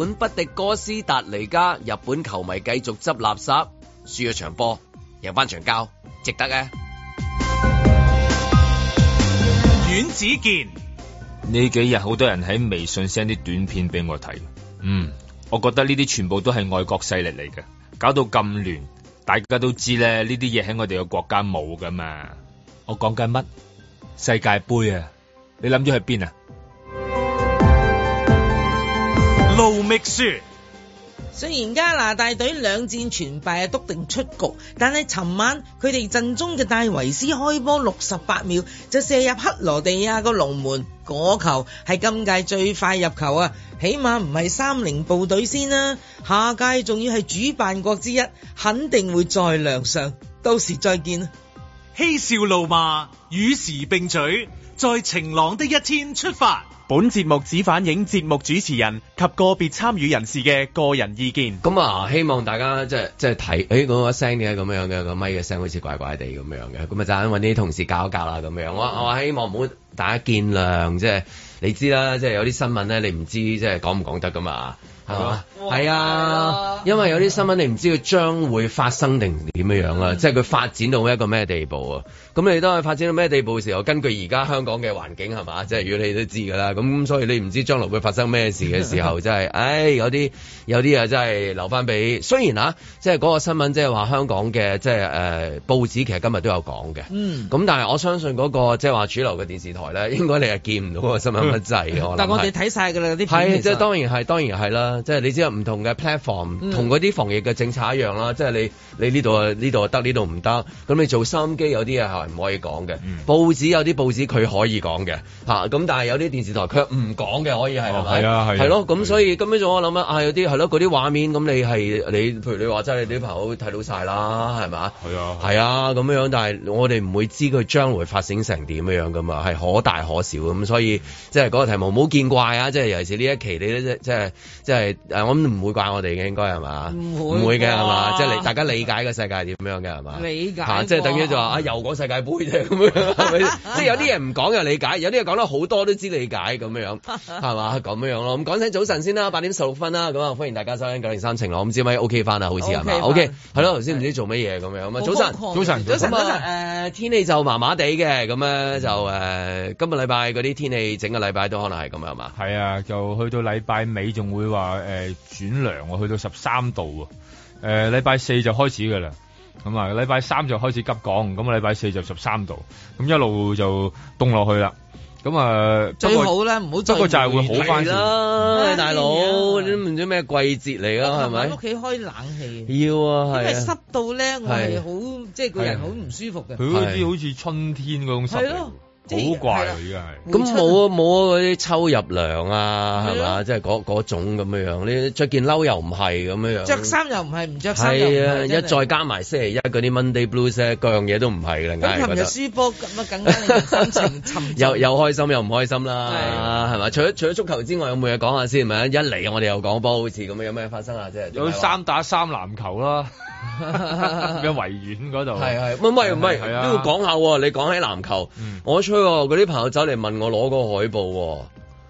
本不敵哥斯達黎加，日本球迷繼續執垃圾，輸咗場波，贏翻場交，值得嘅。阮子健，呢幾日好多人喺微信 send 啲短片俾我睇，嗯，我覺得呢啲全部都係外國勢力嚟嘅，搞到咁亂，大家都知咧，呢啲嘢喺我哋嘅國家冇噶嘛。我講緊乜？世界杯啊，你諗住去邊啊？雖雖然加拿大隊兩戰全敗啊，篤定出局。但係尋晚佢哋陣中嘅戴維斯開波六十八秒就射入克羅地亞個龍門，嗰球係今屆最快入球啊！起碼唔係三零部隊先啦、啊，下屆仲要係主辦國之一，肯定會再亮相。到時再見啦！嬉笑怒罵，與時並舉，在晴朗的一天出發。本節目只反映節目主持人及個別參與人士嘅個人意見。咁啊，希望大家即係即係睇，誒嗰個聲點解咁樣嘅個咪嘅聲好似怪怪哋咁樣嘅，咁啊，陣間揾啲同事教一教啦咁樣。我我希望唔好大家見諒，即係你知啦，即係有啲新聞咧，你唔知即係講唔講得㗎嘛。係哇啊，係啊因為有啲新聞，啊，你唔知佢將會發生定點樣樣，啊、啦，嗯、即係佢發展到一個咩地步啊？咁你當佢發展到咩地步嘅時候，根據而家香港嘅環境係嘛？即係如果你都知㗎啦，咁所以你唔知將來會發生咩事嘅時候，即係， 唉、哎，有啲有啲啊，真係留翻俾。雖然啊，即係嗰個新聞即係話香港嘅即係誒報紙其實今日都有講嘅，咁、嗯、但係我相信嗰、嗰個即係話主流嘅電視台咧，應該你係見唔到個新聞咁滯 但係我哋睇晒㗎啦啲。係即是其實 係當然係，當然係啦。即係你知有唔同嘅 platform 同嗰啲防疫嘅政策一樣啦。嗯、即係你你呢度啊，呢度得，呢度唔得。咁你做心機有啲嘢係唔可以講嘅。嗯、報紙有啲報紙佢可以講嘅吓，咁但係有啲電視台佢唔講嘅，可以係，係咪係咯。咁所以咁樣我諗啊，有啲係咯，嗰啲畫面咁你係你，譬如你話真係你啲朋友睇到晒啦，係咪？係啊係啊咁、啊、樣。但係我哋唔會知佢將來發展成點嘅樣㗎嘛，係可大可小咁。所以即係嗰個題目唔好見怪啊。即係尤其是呢一期你即即、即係即係誒，我唔會怪我哋嘅，應該係嘛？唔會嘅係嘛？即係大家理解個世界點樣嘅係嘛？理解，即係等於就話又講世界杯啫，咁樣，即係有啲嘢唔講又理解，有啲嘢講得好多都知理解咁樣，係嘛？咁樣咯。咁講聲早晨先啦，八點十六分啦，咁啊歡迎大家收聽九零三晴朗咁知唔知 OK 翻啊？好似係，OK 係咯。頭先唔知做乜嘢咁樣啊？早晨，早晨。早晨。誒，天氣就麻麻地嘅，咁啊就誒，今個禮拜嗰啲天氣，整個禮拜都可能係咁樣嘛？係啊，就去到禮拜尾仲會話。誒，轉涼我去到十三度，誒禮拜四就開始噶啦，咁啊禮拜三就開始急降，咁啊禮拜四就十三度，咁一路就凍落去啦，咁啊最好咧唔好，不過就係會好翻先，大佬，你都唔知咩季節嚟噶係咪？屋企開冷氣，要啊，因為濕到咧，我係好即係個人好唔舒服嘅，佢啲好似春天嗰種濕氣。好怪啊，依家係。咁冇啊冇啊嗰啲秋入涼啊，係嘛吧？即係嗰嗰種咁樣樣，你着件褸又唔係咁樣，着衫又唔係，唔着衫又唔係，係。啊，的一再加埋星期一嗰啲 Monday Blues 啊，各樣嘢都唔係啦，梗係覺咪？今日輸波咁啊，有更加令心情沉又又 開心又唔開心啦，係咪、啊？除咗除咗足球之外，有冇嘢講下先？咪一嚟我哋又講波，好似咁樣，有咩嘢發生啊？即係。有三打三籃球啦嘅維園嗰度係唔係唔係唔係？係都要講下喎。你講起籃球，嗯、我出去啲朋友走嚟問我攞個海報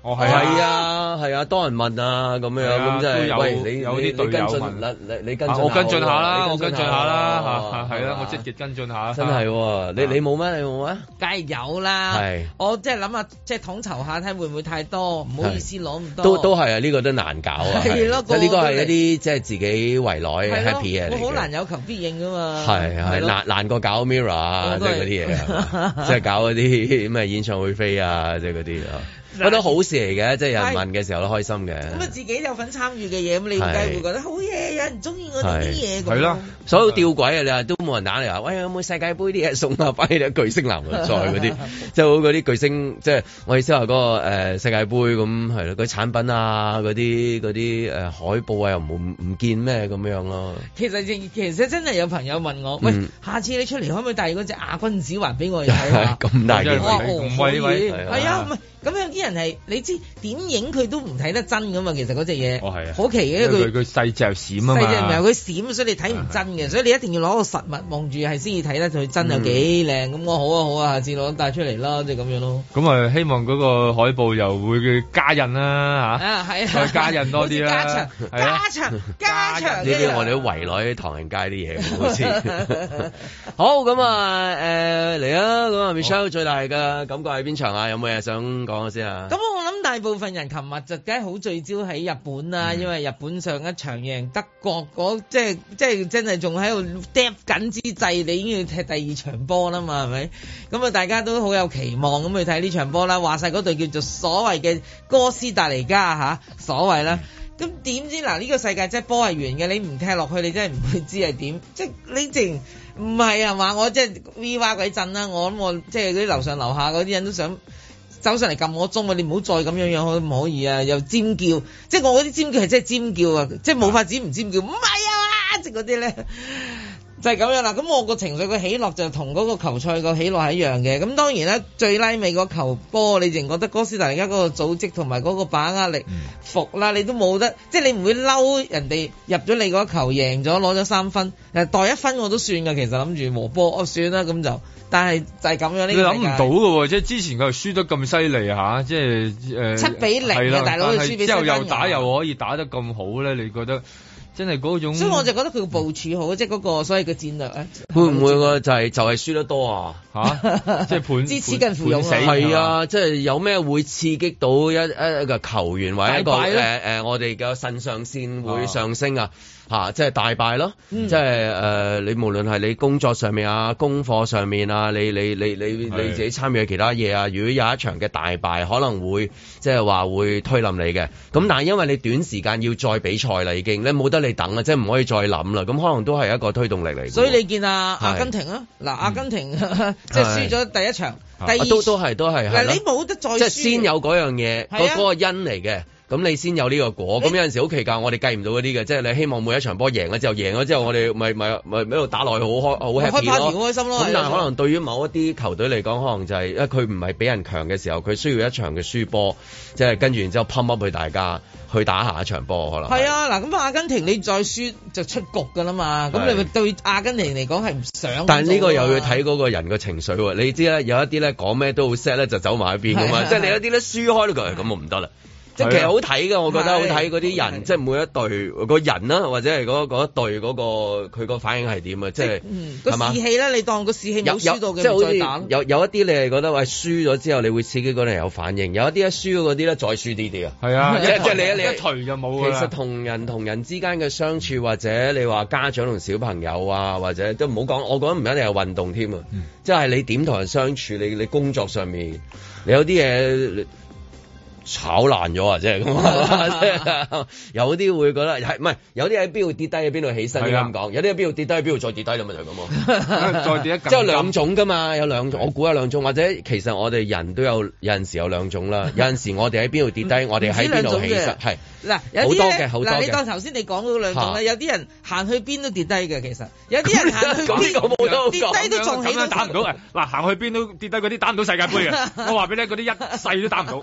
我係啊，係啊，多人問啊，咁樣咁即係，喂，你有啲跟進啦，你你跟進我跟進下啦，我跟進下啦，係啊，我積極跟進下。真係，你你冇咩？你冇咩？梗係有啦，我即係諗下，即係統籌下睇會唔會太多，唔好意思攞咁多。都都係啊，呢個都難搞啊，係咯，呢個係一啲即係自己圍內 happy 嘢嚟嘅，好難有求必應噶嘛，係係難難過搞 mirror 啊，即係嗰啲嘢，即係搞嗰啲咩演唱會飛啊，即係嗰啲啊。覺得好事嚟嘅，即係有人問嘅時候都開心嘅。咁啊，自己有份參與嘅嘢，咁你梗係會覺得是好嘢，有人中意我啲嘢。係咯，所有吊詭啊，你話都冇人打你話，的喂，有冇世界盃啲嘢送啊？擺啲巨星男賽嗰啲，即係嗰啲巨星，即、就、係、是、我意思話嗰、那個、呃、世界盃咁係咯，嗰產品啊，嗰啲嗰啲誒海報啊又冇唔見咩咁樣咯。其實其實真係有朋友問我，喂，嗯、下次你出嚟可唔可以帶嗰隻亞軍指環俾我咁 大嘅，咁 威 威啊，哎呀 咁有啲人係你知點影佢都唔睇得真噶嘛，其實嗰隻嘢，好奇嘅佢佢細隻閃啊嘛，細隻唔係佢閃，所以你睇唔真嘅，所以你一定要攞個實物望住係先至睇得佢真又幾靚。咁我好啊好啊，下次攞帶出嚟啦，即係咁樣咯。咁啊，希望嗰個海報又會加印啦嚇，再加印多啲啦，加長、加長、加長呢啲我哋都圍內喺唐人街啲嘢，好咁啊誒嚟啊咁啊，Michelle 最大嘅感覺喺邊場啊？有冇嘢想？講先啊！咁我諗大部分人琴日就梗係好聚焦喺日本啦，嗯、因為日本上一場贏德國嗰、嗰個、即係即係真係仲喺度釷緊之際，你已經要踢第二場波啦嘛，係咪？咁啊，大家都好有期望咁去睇呢場波啦。話晒嗰隊叫做所謂嘅哥斯達黎加吓、啊、所謂啦。咁點、嗯、知嗱？呢、呢個世界即係波係圓嘅，你唔踢落去，你真係唔會知係點。 即係你淨唔係啊？話我即係 V 哇鬼震啦！我咁我即係嗰啲樓上樓下嗰啲人都想。走上嚟撳我鐘啊，你唔好再咁樣樣。可唔可以啊？又尖叫，即係我嗰啲尖叫係真係尖叫，啊，尖尖叫啊，即係冇法子唔尖叫。唔係啊，即係嗰啲咧。就係咁樣啦，咁我個情緒個起落就同嗰個球賽個起落係一樣嘅。咁當然啦，最拉尾嗰球波，你仍然覺得哥斯達黎加嗰個組織同埋嗰個把握力服啦。你都冇得，即係你唔會嬲人哋入咗你嗰球贏咗攞咗三分，誒，袋一分我都算噶。其實諗住和波，哦，算啦咁就。但係就係咁樣你諗唔到噶，啊，即係之前佢又輸得咁犀利吓，即係誒七比零嘅的大佬都輸。之後又打又可以打得咁好咧？你覺得？真係嗰種，所以我就覺得佢部署好，即係嗰個所謂嘅戰略咧。會唔會個、啊、就係、是、就係輸得多啊？吓、啊， 即係判知恥近乎勇啊！死啊！即係、啊就是、有咩會刺激到一一個球員，或者一個誒誒、呃呃，我哋嘅腎上腺會上升啊？啊嚇、啊，即係大敗咯！嗯、即係誒、呃，你無論係你工作上面啊、功課上面啊，你你你你你自己參與嘅其他嘢啊，如果有一場嘅大敗，可能會即係話會推冧你嘅。咁但係因為你短時間要再比賽啦，已經你冇得你等啦，即係唔可以再諗啦。咁可能都係一個推動力嚟嘅。所以你見是啊，阿根廷啊，嗱、嗯，阿根廷即係輸咗第一場，是第二、啊、都都係都係你冇得再輸，即係先有嗰樣嘢，嗰、啊、個因嚟嘅。咁你先有呢個果，咁有陣時好奇怪，我哋計唔到嗰啲嘅，即係你希望每一場波贏咗之後贏咗之後，之後我哋咪咪咪喺度打落去，好開。開好開心咯。咁但可能對於某一啲球隊嚟講，可能就係、是、因為佢唔係比人強嘅時候，佢需要一場嘅輸波，即係跟住然之後 pump up 大家去打下一場波可能。係啊，嗱，咁阿根廷你再輸就出局㗎啦嘛，咁是你咪對阿根廷嚟講係唔想。但係呢個又要睇嗰個人嘅情緒喎，你知咧有一啲咧講咩都好 sad 咧就走埋一邊㗎嘛，是是是即係你有啲咧輸開都㗎，咁的就唔得啦。其實好睇嘅，我覺得好睇嗰啲人，即係每一隊個人啦，或者係嗰嗰一隊嗰個佢個反應係點啊？即係個士氣咧，你當個士氣有輸到嘅，即係好似有有一啲你係覺得喂，輸咗之後，你會刺激嗰個人有反應；有一啲一輸嗰啲咧，再輸啲啲啊。係啊，即係你一頹就冇。其實同人同人之間嘅相處，或者你話家長同小朋友啊，或者都唔好講，我覺得唔一定係運動添啊。即係你點同人相處，你你工作上面，你有啲嘢。炒爛咗啊！即係咁，有啲會覺得係唔係？有啲喺邊度跌低，喺邊度起身咁講，有啲喺邊度跌低，喺邊度再跌低咁咪就咁啊，再跌一。即係兩種噶嘛，有兩種，我估有兩種，或者其實我哋人都有，有陣時有兩種啦。有陣時我哋喺邊度跌低，我哋喺邊度起身。係嗱，好多嘅，好多嘅，你當頭先你講嗰兩種，有啲人行去邊都跌低嘅，其實有啲人行去邊跌低都仲起。咁樣打唔到嗱，行去邊都跌低嗰啲打唔到世界杯嘅。我話俾你聽，嗰啲一世都打唔到。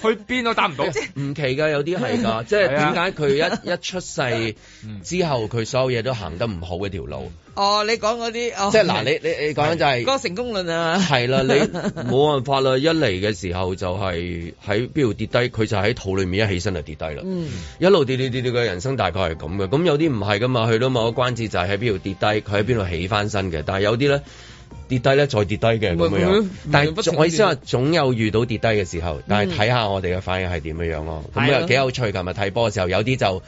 去邊都達唔到，唔、就是，奇噶，有啲係噶，即係點解佢一 一出世之後，佢所有嘢都行得唔好嘅條路哦。哦，就是、是你講嗰啲，即係嗱，你你你講緊就係、是、嗰個成功論啊。係啦，你冇辦法啦，一嚟嘅時候就係喺邊度跌低，佢就喺肚裏面一起身就跌低啦。嗯，一路跌跌跌跌，嘅人生大概係咁嘅。咁有啲唔係噶嘛，去到某個關節就係喺邊度跌低，佢喺邊度起翻身嘅。但係有啲咧。跌低咧，再跌低嘅咁樣。但係我意思話，總有遇到跌低嘅時候。嗯、但係睇下我哋嘅反應係點樣、嗯、樣咯。咁又幾有趣。琴日睇波嘅時候，有啲就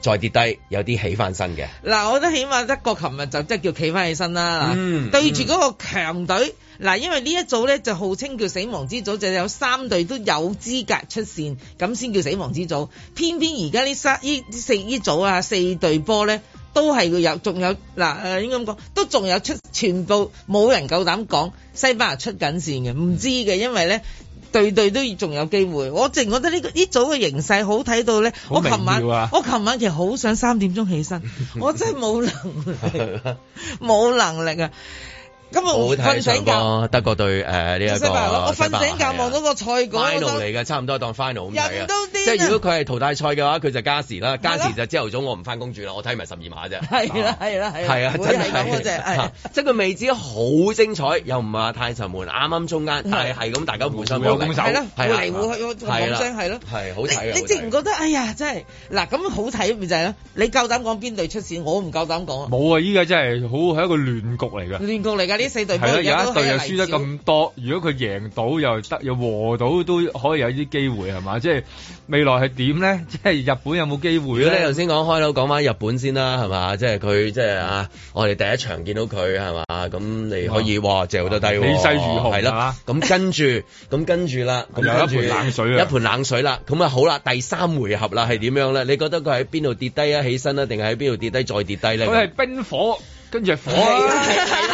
再跌低，有啲起翻身嘅。嗱、嗯，我覺得起碼德國琴日就即係叫企翻起身啦。嗯、對對住嗰個強隊，嗱、嗯，因為呢一組咧就號稱叫死亡之組，就有三隊都有資格出線，咁先叫死亡之組。偏偏而家呢三呢四呢組啊四隊波咧。都係要有，仲有嗱，誒、啊、應該咁講，都仲有出，全部冇人夠膽講西班牙出緊線嘅，唔知嘅，因為咧對對都仲有機會。我淨覺得呢、這、呢、個、組嘅形勢好睇到咧、啊，我琴晚我琴晚其實好想三點鐘起身， 我真係冇能冇 能力啊。咁我瞓睇過。德國對誒呢一個，我瞓醒覺望到個賽果，final 嚟嘅差唔多當 final，咁啲即係如果佢係淘汰賽嘅話，佢就加時啦，加時就朝頭早我唔翻工住啦，我睇埋十二碼啫。係啦係啦係啦，係啊真係，即係即個未知好精彩，又唔係太沉悶，啱啱中間係係咁，大家互相講手，係咯，嚟嚟去去，係啦係咯，好睇你你唔覺得？哎呀，真係嗱咁好睇咪就係咯，你夠膽講邊隊出線？我唔夠膽講。冇啊！依家真係好係一個亂局嚟嘅，亂局嚟㗎。係啦，有一隊又輸得咁多，如果佢贏到又得，又和到都可以有啲機會係嘛？即係未來係點咧？即係日本有冇機會咧？你頭先講開啦，講翻日本先啦，係嘛？即係佢即係啊！我哋第一場見到佢係嘛？咁你可以、啊、哇，淨好多低。氣勢、啊、如何吧？係啦、嗯，咁吧、 嗯、跟住，咁、嗯、跟住啦，咁、 嗯、有一盆冷水 一盆冷水啦，咁、嗯、啊好啦，第三回合啦係點樣咧？你覺得佢喺邊度跌低啊？起身啊定係喺邊度跌低再跌低咧？佢係冰火，跟住火、啊。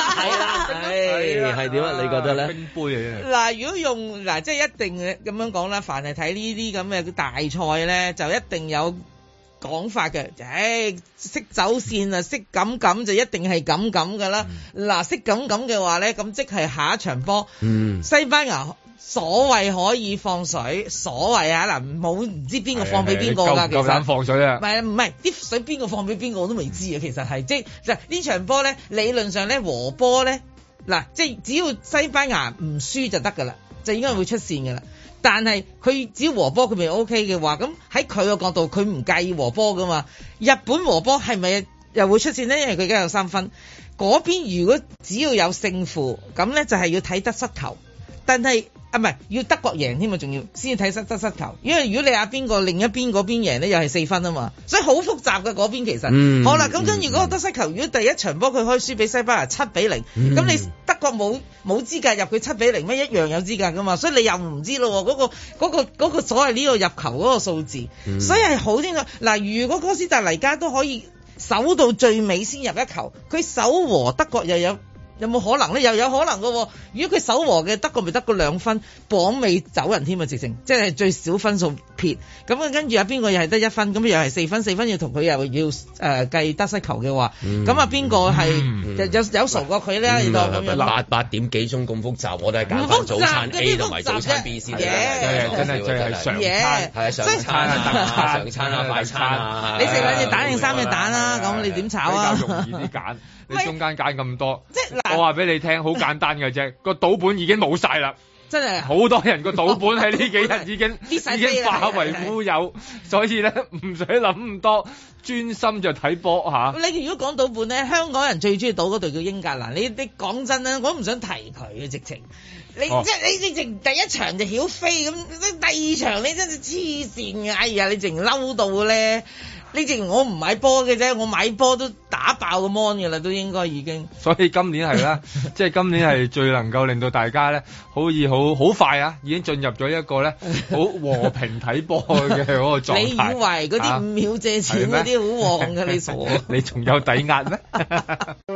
係點啊？你覺得咧？冰杯嚟嘅。嗱、啊，如果用嗱、啊，即係一定咁樣講啦。凡係睇呢啲咁嘅大賽咧，就一定有講法嘅。誒、哎，識走線啊，識咁咁就一定係咁咁噶啦。嗱，識咁咁嘅話咧，咁即係下一場波，嗯、西班牙所謂可以放水，所謂啊嗱，冇、啊、唔知邊個放俾邊個啦。其實放水啊，唔係唔係啲水邊個放俾邊個我都未知啊。嗯、其實係即係呢場波咧，理論上咧和波咧。嗱，即係只要西班牙唔輸就得㗎啦，就應該會出線㗎啦。但係佢只要和波佢咪 OK 嘅話，咁喺佢個角度佢唔介意和波㗎嘛。日本和波係咪又會出線呢？因為佢而家有三分嗰邊，如果只要有勝負咁呢，就係要睇得失球。但係啊，唔係要德國贏添啊，仲要先要睇失得失球，因為如果你阿邊個另一邊嗰邊贏呢，又係四分啊嘛，所以好複雜嘅嗰邊其實。嗯、好啦，咁跟住如果得失球，嗯、如果第一場波佢可以輸俾西班牙七比零，嗯，咁你德國冇冇資格入佢七比零咩？一樣有資格噶嘛，所以你又唔知咯。嗰、嗰個嗰、嗰個嗰個所謂呢個入球嗰個數字，嗯、所以係好啲嗱，如果哥斯達黎加都可以守到最尾先入一球，佢守和德國又有。有冇可能咧？又有可能喎。如果佢守和嘅得個，咪得個兩分，榜尾走人添啊！直情即係最少分數撇。咁啊，跟住啊，邊個又係得一分？咁又係四分，四分要同佢又要誒計得失球嘅話，咁啊，邊個係有有傻過佢咧？八八點幾鐘咁複雜，我都係揀早餐 A 同埋早餐 B 先嘅。真係真係常嘢。係常餐、特餐、常餐啊，快餐。你食兩隻蛋定三隻蛋啦？咁你點炒啊？比較容易啲揀，你中間揀咁多。即我話俾你聽，好簡單嘅啫，個賭 本已經冇晒啦，真係好多人個賭本喺呢幾日已經 是已經化為烏有，是是是，所以咧唔使諗咁多，專 心就睇波吓。啊、你如果講賭本咧，香港人最中意賭嗰度叫英格蘭。你你講真咧，我唔想提佢嘅直情、哦。你即係你直情第一場就曉飛咁，即第二場你真係黐線嘅，哎呀你直情嬲到咧。呢隻我唔買波嘅啫，我買波都打爆個 mon 嘅啦，都應該已經。所以今年係啦， 即係今年係最能夠令到大家咧，好易、好好快啊，已經進入咗一個咧好和平睇波嘅嗰個狀態。 你以為嗰啲五秒借錢嗰啲好旺㗎？是嗎 你傻？你仲有抵押咩？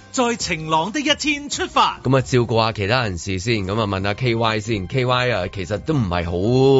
在晴朗的一天出發。咁啊，照顧下其他人士先。咁啊，問下 K Y 先。K Y 啊，其實都唔係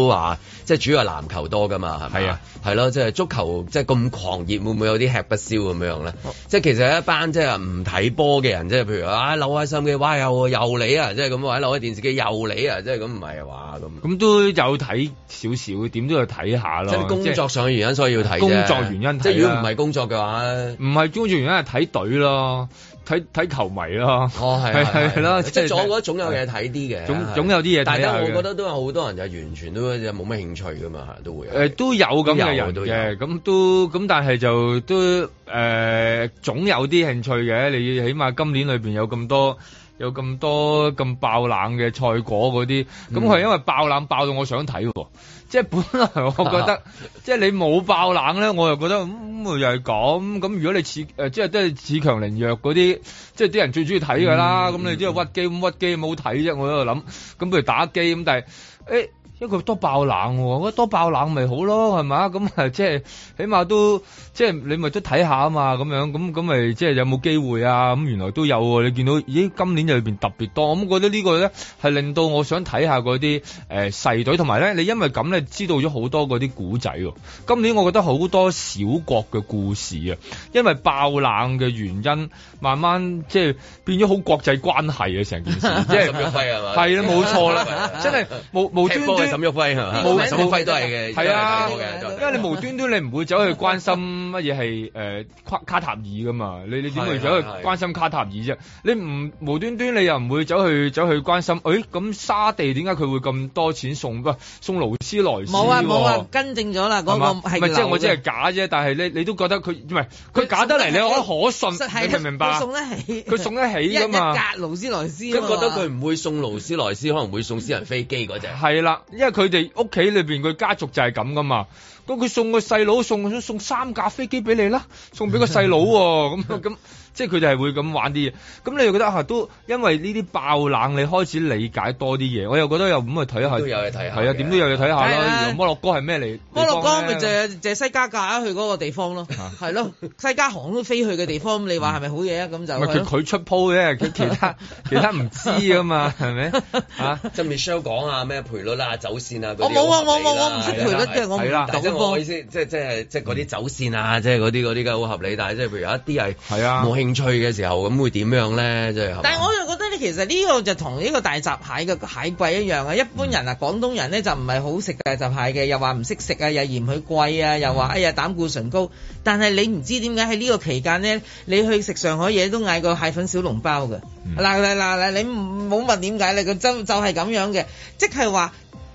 好話，即、啊、係、就是、主要係籃球多噶嘛，係咪？係咯是、啊，即、就、係、是、足球，即係咁狂熱，會唔會有啲吃不消咁樣咧？即係好 其實一班即係唔睇波嘅人，即、就、係、是、譬如啊，扭開心機，哇，又你啊，即係咁或者，扭開電視機又你啊，即係咁唔係話咁。咁、啊、都有睇少少，點都要睇下咯。即係工作上嘅原因，所以要睇。工作原因。即係如果唔係工作嘅話，唔係工作原因係睇隊咯。睇睇球迷咯，係係係啦，即係我覺得總有嘢睇啲嘅，總總有啲嘢。但係我覺得都有好多人就完全都冇咩興趣噶嘛，都會是。誒、呃、都有咁嘅人嘅，咁都咁，但係就都誒、呃、總有啲興趣嘅。你起碼今年裏邊有咁多有咁多咁爆冷嘅賽果嗰啲，咁佢係因為爆冷爆到我想睇喎。即係本來我覺得，啊、即係你冇爆冷咧，我又覺得咁、嗯、又係咁。咁如果你似，即係都係恃強凌弱嗰啲，即係啲人最中意睇㗎啦。咁、嗯、你啲屈機咁屈機，冇睇啫。我喺度諗，咁不如打機咁，但係、欸因為佢都爆、哦、多爆冷喎，我覺得多爆冷咪好咯，係咪、就是？咁啊，即係起碼都即係、就是、你咪都睇下啊嘛，咁樣咁咁咪即係有冇機會啊？咁原來都有喎、哦，你見到咦？今年就裏面特別多，我覺得個呢個咧係令到我想睇下嗰啲誒細隊，同埋咧你因為咁咧知道咗好多嗰啲古仔喎。今年我覺得好多小國嘅故事啊，因為爆冷嘅原因，慢慢即係、就是、變咗好國際關係嘅、啊、成件事，即係咁樣係冇錯啦，真係 無，無端端。沈玉輝，係冇沈玉輝都係嘅。係啊，因為你無端端你唔會走去關心乜嘢係誒卡塔爾噶嘛？你你點會走去關心卡塔爾啫？你唔無端端你又唔會走去走去關心誒咁沙地點解佢會咁多錢送送勞斯萊斯？冇啊冇啊，更正咗啦，嗰個係即係我真係假啫？但係你你都覺得佢唔係佢假得嚟，你可可信？你明唔明白？佢送得起佢送得起㗎嘛？一一架勞斯萊斯即係覺得佢唔會送勞斯萊斯，可能會送私人飛機嗰隻係啦。因為佢哋屋企裏邊，佢家族就係咁噶嘛，咁佢送個細佬送送三架飛機俾你啦，送俾個細佬喎咁咁。 即係佢哋係會咁玩啲嘢，咁你又覺得嚇都因為呢啲爆冷，你開始理解多啲嘢。我又覺得又咁去睇下，都有嘢睇，係啊，點都有嘢睇下。摩洛哥係咩嚟？摩洛哥咪就係就西加加去嗰個地方咯，係咯，西加航都飛去嘅地方。你話係咪好嘢啊？咁就唔係佢佢出鋪嘅，佢其他其他唔知啊嘛，係咪啊？即係 Michelle 講啊咩賠率啊走線啊嗰啲，我冇啊，我我我唔識賠率，即係我唔但係即係我意思，即係即係即係嗰啲走線啊，即係嗰啲嗰啲好合理。但係即係譬如有一啲係係啊。興趣嘅時候咁會點樣咧？真係。但係我就覺得咧，其實呢個就同呢個大閘蟹嘅蟹貴一樣啊！一般人啊，嗯、廣東人咧就唔係好食大閘蟹嘅，又話唔識食啊，又嫌佢貴啊，又話哎呀膽固醇高。但係你唔知點解喺呢個期間咧，你去食上海嘢都嗌個蟹粉小籠包嘅。嗱嗱嗱嗱，你唔好問點解，你個真就係咁、就是、樣嘅，即係話。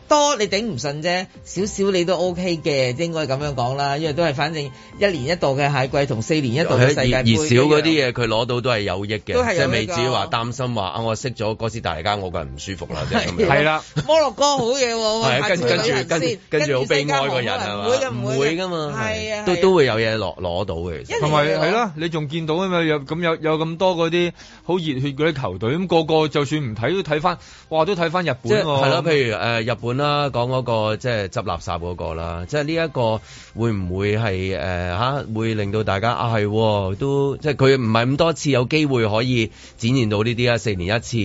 多你頂唔順啫，少少你都 O K 嘅，應該咁樣講啦，因為都係反正一年一度嘅蟹季同四年一度嘅世界盃熱熱少嗰啲嘢佢攞到都係有益嘅。即係未至於話擔心話啊，我識咗嗰時大家我個人唔舒服啦，即係咁樣。係啦，摩洛哥好嘢喎。跟住跟住跟住好悲哀個人係嘛？唔會㗎嘛，係啊，都都會有嘢攞攞到嘅，同埋係啦你仲見到啊嘛？有咁有有咁多嗰啲好熱血嗰啲球隊，咁個個就算唔睇都睇翻，哇都睇翻日本，係啦，譬如誒日本。啦，講嗰個即係執垃圾嗰個啦，即係呢一個會唔會係誒，嚇會令到大家啊係都即係佢唔係咁多次有機會可以展現到呢啲啊四年一次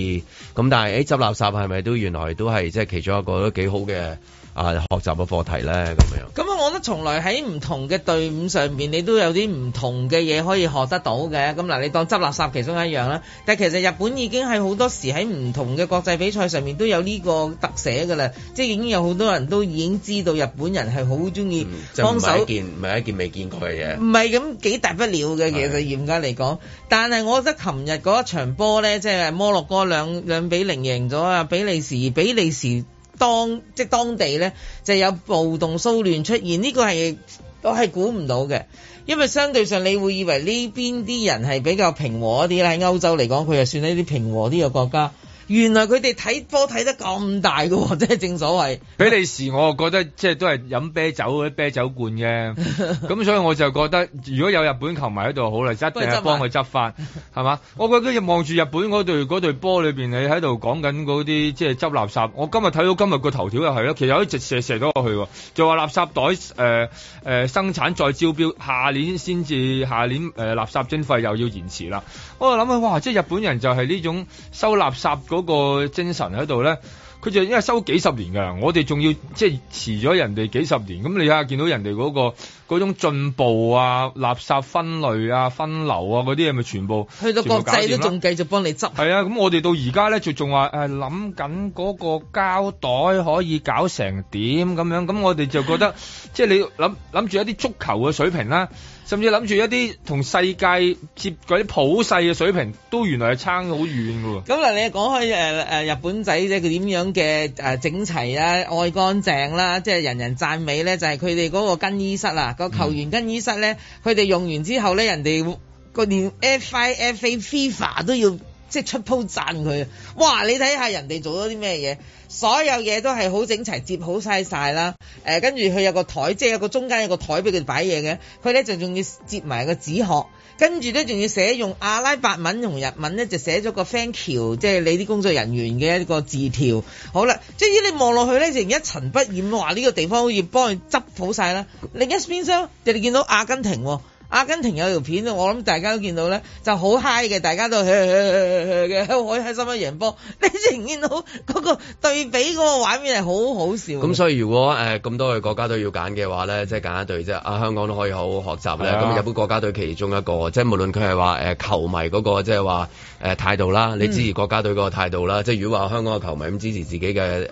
咁，但係誒執垃圾係咪都原來都係即係其中一個都幾好嘅啊學習嘅課題咧咁樣。我覺得從來喺唔同嘅隊伍上面，你都有啲唔同嘅嘢可以學得到嘅。咁嗱，你當執垃圾其中一樣啦。但其實日本已經係好多時喺唔同嘅國際比賽上面都有呢個特寫㗎啦。即係已經有好多人都已經知道日本人係好中意幫手。唔係一件，唔係一件未見過嘅嘢。唔係咁幾大不了嘅，其實嚴格嚟講。的但係我覺得琴日嗰一場波呢，即係摩洛哥兩兩比零贏咗啊！比利時，比利時。當即當地咧就有暴動騷亂出現。呢個係我係估唔到嘅，因為相對上你會以為呢邊啲人係比較平和一啲咧。喺歐洲嚟講，佢就算喺啲平和啲嘅國家。原來佢哋睇波睇得咁大噶、哦，即係正所謂。比利時，我覺得即係都係飲啤酒嗰啲啤酒罐嘅。咁 所以我就覺得，如果有日本球迷喺度好啦，一定係幫佢執法，係嘛？ 我覺得望住日本嗰隊嗰隊波裏邊，你喺度講緊嗰啲即係執垃圾。我今日睇到今日個頭條又係啦，其實可以直射射咗落去。就話垃圾袋誒誒、呃呃、生產再招標，下年先至下年誒、呃、垃圾徵費又要延遲啦。我諗下哇，即係日本人就係呢種收垃圾嗰個精神喺度咧，佢就因為收幾十年噶，我哋仲要即係遲咗人哋幾十年。咁你下、那個，見到人哋嗰個嗰種進步啊、垃圾分類啊、分流啊嗰啲嘢，係咪全部去到國際都仲繼續幫你執係啊。咁我哋到而家咧就仲話誒諗緊嗰個膠袋可以搞成點咁樣。咁我哋就覺得 即係你諗諗住一啲足球嘅水平啦。甚至諗住一啲同世界接嗰啲普世嘅水平，都原來係差好遠嘅喎。咁嗱、嗯，嗯、你講開誒日本仔啫，佢點樣嘅整齊啊、愛乾淨啦、啊，即、就、係、係、人人讚美咧，就係佢哋嗰個更衣室啊，個球員更衣室咧，佢哋用完之後咧，人哋個連 FIFA FIFA 都要。即係出鋪讚佢，哇！你睇下人哋做咗啲咩嘢，所有嘢都係好整齊，好呃、接好曬曬啦。誒，跟住佢有個台，即係有個中間有個台俾佢擺嘢嘅。佢咧就仲要接埋個紙殼，跟住咧仲要寫用阿拉伯文同日文咧，就寫咗個 thank you，即係你啲工作人員嘅一個字條。好啦，即係你望落去咧，就一塵不染。話呢、呢個地方好似幫佢執好曬啦。另一邊咧，人哋見到阿根廷喎、哦。阿根廷有條片，我諗大家都見到咧，就好嗨嘅，大家都呵呵嘅，好開心啊，贏波。你見到嗰個對比嗰個畫面係好好笑。咁所以如果誒咁、呃、多嘅國家隊要揀嘅話咧，即係揀一隊啫。啊，香港都可以好好學習咧。咁日、啊、本國家隊其中一個，即係無論佢係話誒球迷嗰、那個即係話誒態度啦，你支持國家隊個態度啦。嗯、即係如果話香港嘅球迷咁支持自己嘅誒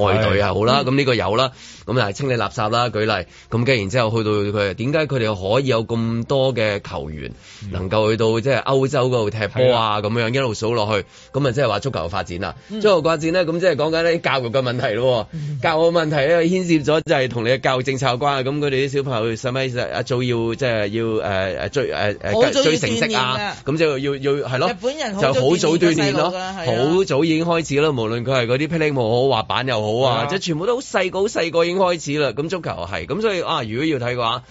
外隊又好啦，咁呢、啊嗯、個有啦。咁就係清理垃圾啦，舉例。咁跟然之後去到佢點解佢哋可以有咁？多嘅球員能夠去到即係歐洲嗰度踢波啊，咁、啊、樣一路數落去，咁啊即係話足球發展啊！足球發展咧咁即係講緊啲教育嘅問題咯。嗯、教育問題咧牽涉咗即係同你嘅教育政策有關。咁佢哋啲小朋友使唔使一早要即係要誒誒追誒誒追成績啊？咁就要要係咯，啊、日本人就好早鍛煉咯，好、啊、早已經開始啦。無論佢係嗰啲霹靂舞好滑板又好啊，即係全部都好細個好細個已經開始啦。咁足球係咁，所以啊，如果要睇嘅話。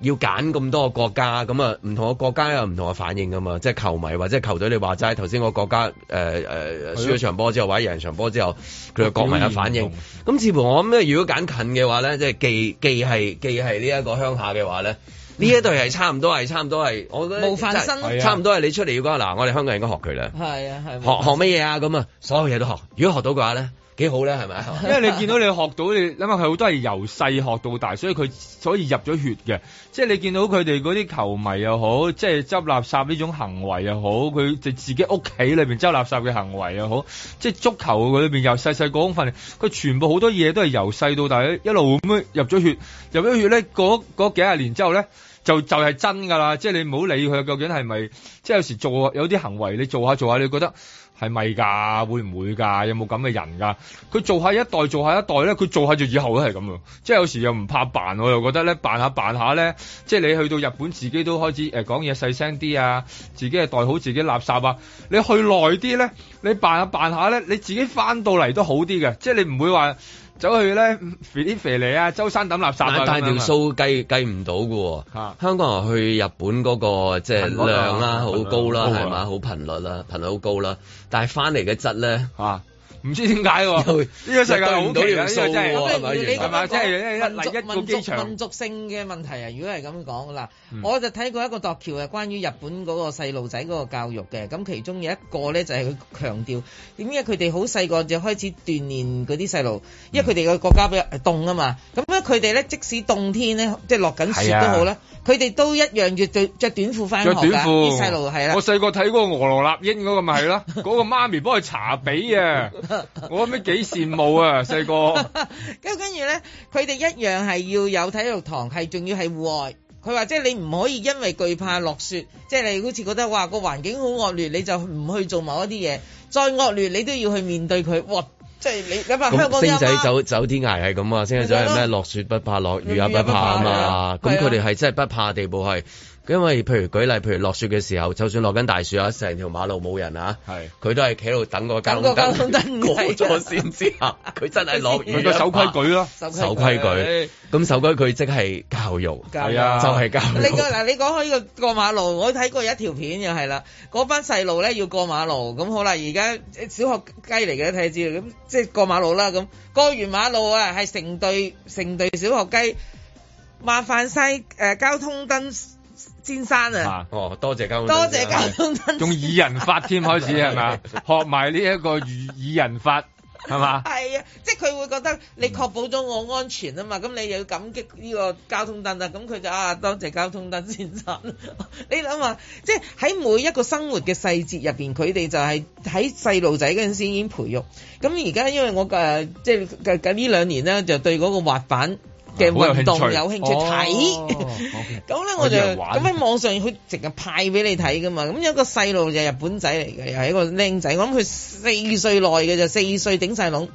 要揀咁多個國家，咁啊唔同嘅國家有唔同嘅反應噶嘛？即、呃、係球迷或者球隊，你話齋頭先，個國家誒誒輸咗場波之後，或者贏場波之後，佢嘅球迷嘅反應。咁、嗯嗯嗯、似乎我諗咧，如果揀近嘅話咧，即係既既係既係呢一個鄉下嘅話咧，呢一隊係差唔多係，差唔多係，我覺得冇翻身，差唔多係你出嚟要嗱，我哋香港人應該學佢啦。係啊係，學學乜嘢啊？咁啊，所有嘢都學。如果學到嘅話咧，幾好咧，係咪？ 因為你見到你學到你諗下，佢好多係由細學到大，所以佢所以入咗血嘅。即係你見到佢哋嗰啲球迷又好，即係執垃圾呢種行為又好，佢就自己屋企裏邊執垃圾嘅行為又好。即係足球佢裏邊又細細個咁佢，全部好多嘢都係由細到大一路咁樣入咗血，入咗血咧，嗰嗰幾廿年之後咧，就就係真噶啦。即係你唔好理佢究竟係咪，即係有時做有啲行為你做下做下，你覺得。係咪噶？會唔會噶？有冇咁嘅人噶？佢做下一代，做下一代咧，佢做下就以後都係咁啊！即係有時又唔怕扮，我又覺得咧，扮下扮下咧，即係你去到日本自己都開始誒、呃、講嘢細聲啲啊，自己係袋好自己垃圾啊。你去耐啲咧，你扮下扮下咧，你自己翻到嚟都好啲嘅，即係你唔會話。走去咧肥啲肥嚟啊，周身抌垃圾。但係條數計計唔到噶喎、啊，啊、香港人去日本嗰、個即係量啦，好高啦、啊，係嘛、啊，好頻率啦、啊，頻率好高啦、啊，但係翻嚟嘅質咧唔知點解喎。呢個世界好唔到你啦！呢個真係係咪？係咪？即係一一個一族，民族，民，族民族性嘅問題啊！如果係咁講嗱，嗯、我就睇過一個墮橋嘅關於日本嗰個細路仔嗰個教育嘅咁，其中有一個咧就係佢強調點解佢哋好細個就開始鍛鍊嗰啲細路，因為佢哋嘅國家比較凍啊嘛。咁咧佢哋咧即使凍天咧，即係落緊雪都好咧，佢哋、啊、都一樣要對著短褲返學㗎。啲細路係啦，就是、我細個睇過俄羅立英嗰、嗰個咪係咯，嗰個媽咪幫佢搽比啊。我諗咩幾羨慕啊，細個，跟跟住咧，佢哋一樣係要有體育堂，係仲要係戶外。佢話即係你唔可以因為懼怕落雪，即係你好似覺得哇個環境好惡劣，你就唔去做某一啲嘢。再惡劣，你都要去面對佢。哇，即係你咁香港星仔走走天涯係咁啊，星仔走係咩？落雪不怕，落雨也不怕啊嘛。咁佢哋係真係不怕地步係。因為譬如舉例，譬如落雪嘅時候，就算落緊大雪啊，成條馬路冇人啊，係佢是都係企喺度等個交通燈，個交通燈過咗先之後，佢、 啊、真係落佢個守規矩咯、啊，守規矩。咁守規矩、啊、矩、矩即係教育。係啊，就係教育。教育你嗱，你講開呢個過馬路，我睇過一條片就係啦，嗰班細路咧要過馬路，咁好啦，而家小學雞嚟嘅，睇知咁即係過馬路啦，咁過完馬路啊，係成對成對小學雞麻煩晒，誒交通燈。先生啊，啊，哦，多謝交通，多謝交通燈，仲以人法添開始係嘛？學埋呢一個以人法係嘛？係啊，即係佢會覺得你確保咗我安全啊嘛，咁你又要感激呢個交通燈啊，咁佢就啊，多謝交通燈先生。你諗下，即係喺每一個生活嘅細節入邊，佢哋就係喺細路仔嗰陣時已經培育。咁而家因為我嘅、呃、即係近呢兩年咧，就對嗰個滑板。嘅運動有興趣睇，咁咧我就咁喺網上佢成日派俾你睇噶嘛，咁有一個細路就日本仔嚟嘅，又係一個僆仔，我諗佢四歲內嘅就四歲頂晒籠。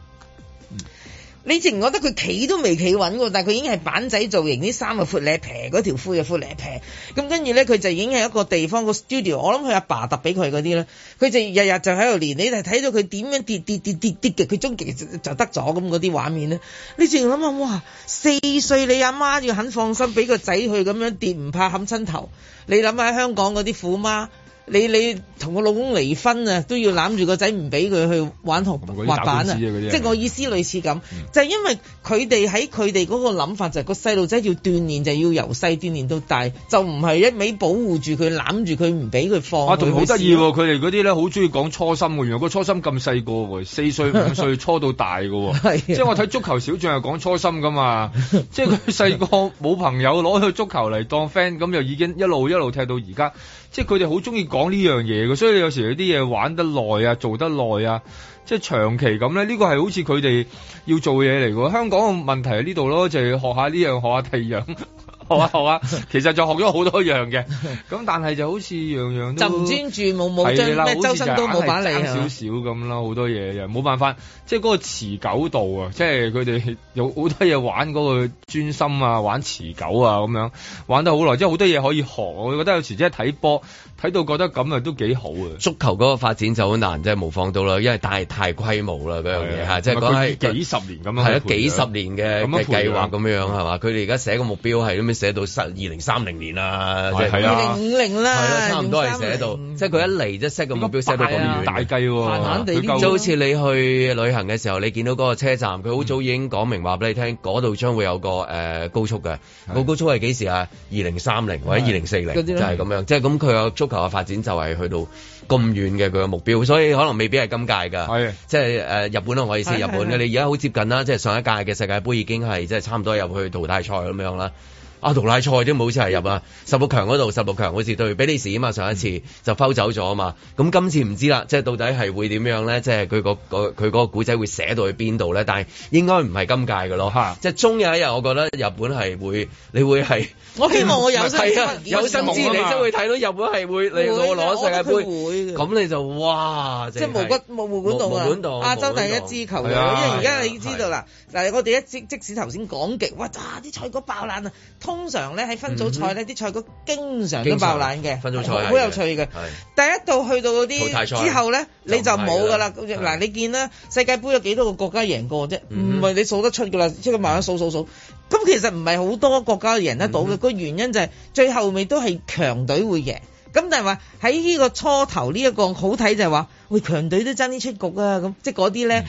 你直情覺得佢企都未企穩喎，但係佢已經係板仔造型，啲衫又闊咧啡，嗰條褲又闊咧啡，咁跟住咧佢就已經係一個地方個 studio，我諗佢阿爸揼俾佢嗰啲咧，佢就日日就喺度練，你係睇到佢點樣跌跌跌跌跌嘅，佢終極就得咗咁嗰啲畫面咧。你直情諗啊，哇！四歲你阿媽要肯放心俾個仔去咁樣跌，唔怕冚親頭。你諗下喺香港嗰啲虎媽？你你同個老公離婚啊，都要攬住個仔唔俾佢去玩學滑板啊，即係我意思類似咁，就係因為佢哋喺佢哋嗰個諗法就係個細路仔要鍛煉，就要由細鍛煉到大，就唔係一味保護住佢，攬住佢唔俾佢放。啊，仲好得意喎！佢哋嗰啲咧，好中意講初心喎。原來個初心咁細個喎，四歲五歲初到大嘅喎，即係我睇足球小將係講初心噶嘛，即係佢細個冇朋友，攞個足球嚟當 friend，咁又已經一路一路踢到而家。即係佢哋好中意講呢樣嘢嘅，所以有時有啲嘢玩得耐啊，做得耐啊，即係長期咁咧，呢個係好似佢哋要做嘢嚟嘅。香港嘅問題喺呢度咯，就係學下呢樣學下第二樣。好啊好啊，好啊 其實就學咗好多樣嘅，咁 但係就好似樣樣就唔專注，冇冇將咩周身都冇把嚟少少咁啦，好是是點點吧多嘢又冇辦法，即係嗰個持久度啊，即係佢哋有好多嘢玩嗰個專心啊，玩持久啊咁樣，玩得好耐即係好多嘢可以學，我覺得有時即係睇波睇到覺得咁啊都幾好啊！足球嗰個發展就好難即係模仿到啦，因為但係太規模啦嗰樣嘢吓，即係講緊幾十年咁樣，係啊幾十年嘅咁計劃咁樣係嘛？佢哋而家寫個目標係咁寫到二零三零年啦，二零五零啦，差唔多係寫到，即係佢一嚟，即係 set 個目標 set 到咁大計喎。即係好似你去旅行嘅時候，你見到嗰個車站，佢好早已經講明話俾你聽，嗰度將會有個誒高速嘅。個高速係幾時啊？二零三零或者二零四零就係咁樣。即係咁佢個足球嘅發展就係去到咁遠嘅佢個目標，所以可能未必係今屆噶。即係誒，日本都，我意思日本，你而家好接近啦。即係上一屆嘅世界杯已經係即係差唔多入去淘汰賽咁樣啦。阿杜拉賽都冇好似係入啊，十六強嗰度十六強好似對比利時啊嘛，上一次就摟走咗啊嘛，咁今次唔知啦，即係到底係會點樣咧？即係佢個佢個個仔會寫到去邊度咧？但係應該唔係今屆嘅咯， 即係終有一日，我覺得日本係會，你會係，我希望我有新有新知你真會睇到日本係會你攞攞世界盃，咁你就哇！即係無骨無骨道無管到啊！亞洲第一支球隊，啊、因為而家你知道啦，嗱、啊啊、我哋一即使頭先講極，哇！啲彩果爆爛啊！通常咧，喺分組賽呢啲賽局經常都爆冷嘅，分組賽好有趣嘅。但一到去到嗰啲之後咧，你就冇噶啦。嗱，你見啦，世界盃有幾多個國家贏過啫？唔係你數得出噶啦，即係慢慢數數數。咁其實唔係好多國家贏得到嘅，個原因就係最後尾都係強隊會贏。咁但係話喺呢個初頭呢一個好睇就係話，喂，強隊都爭啲出局啊咁，即係嗰啲咧。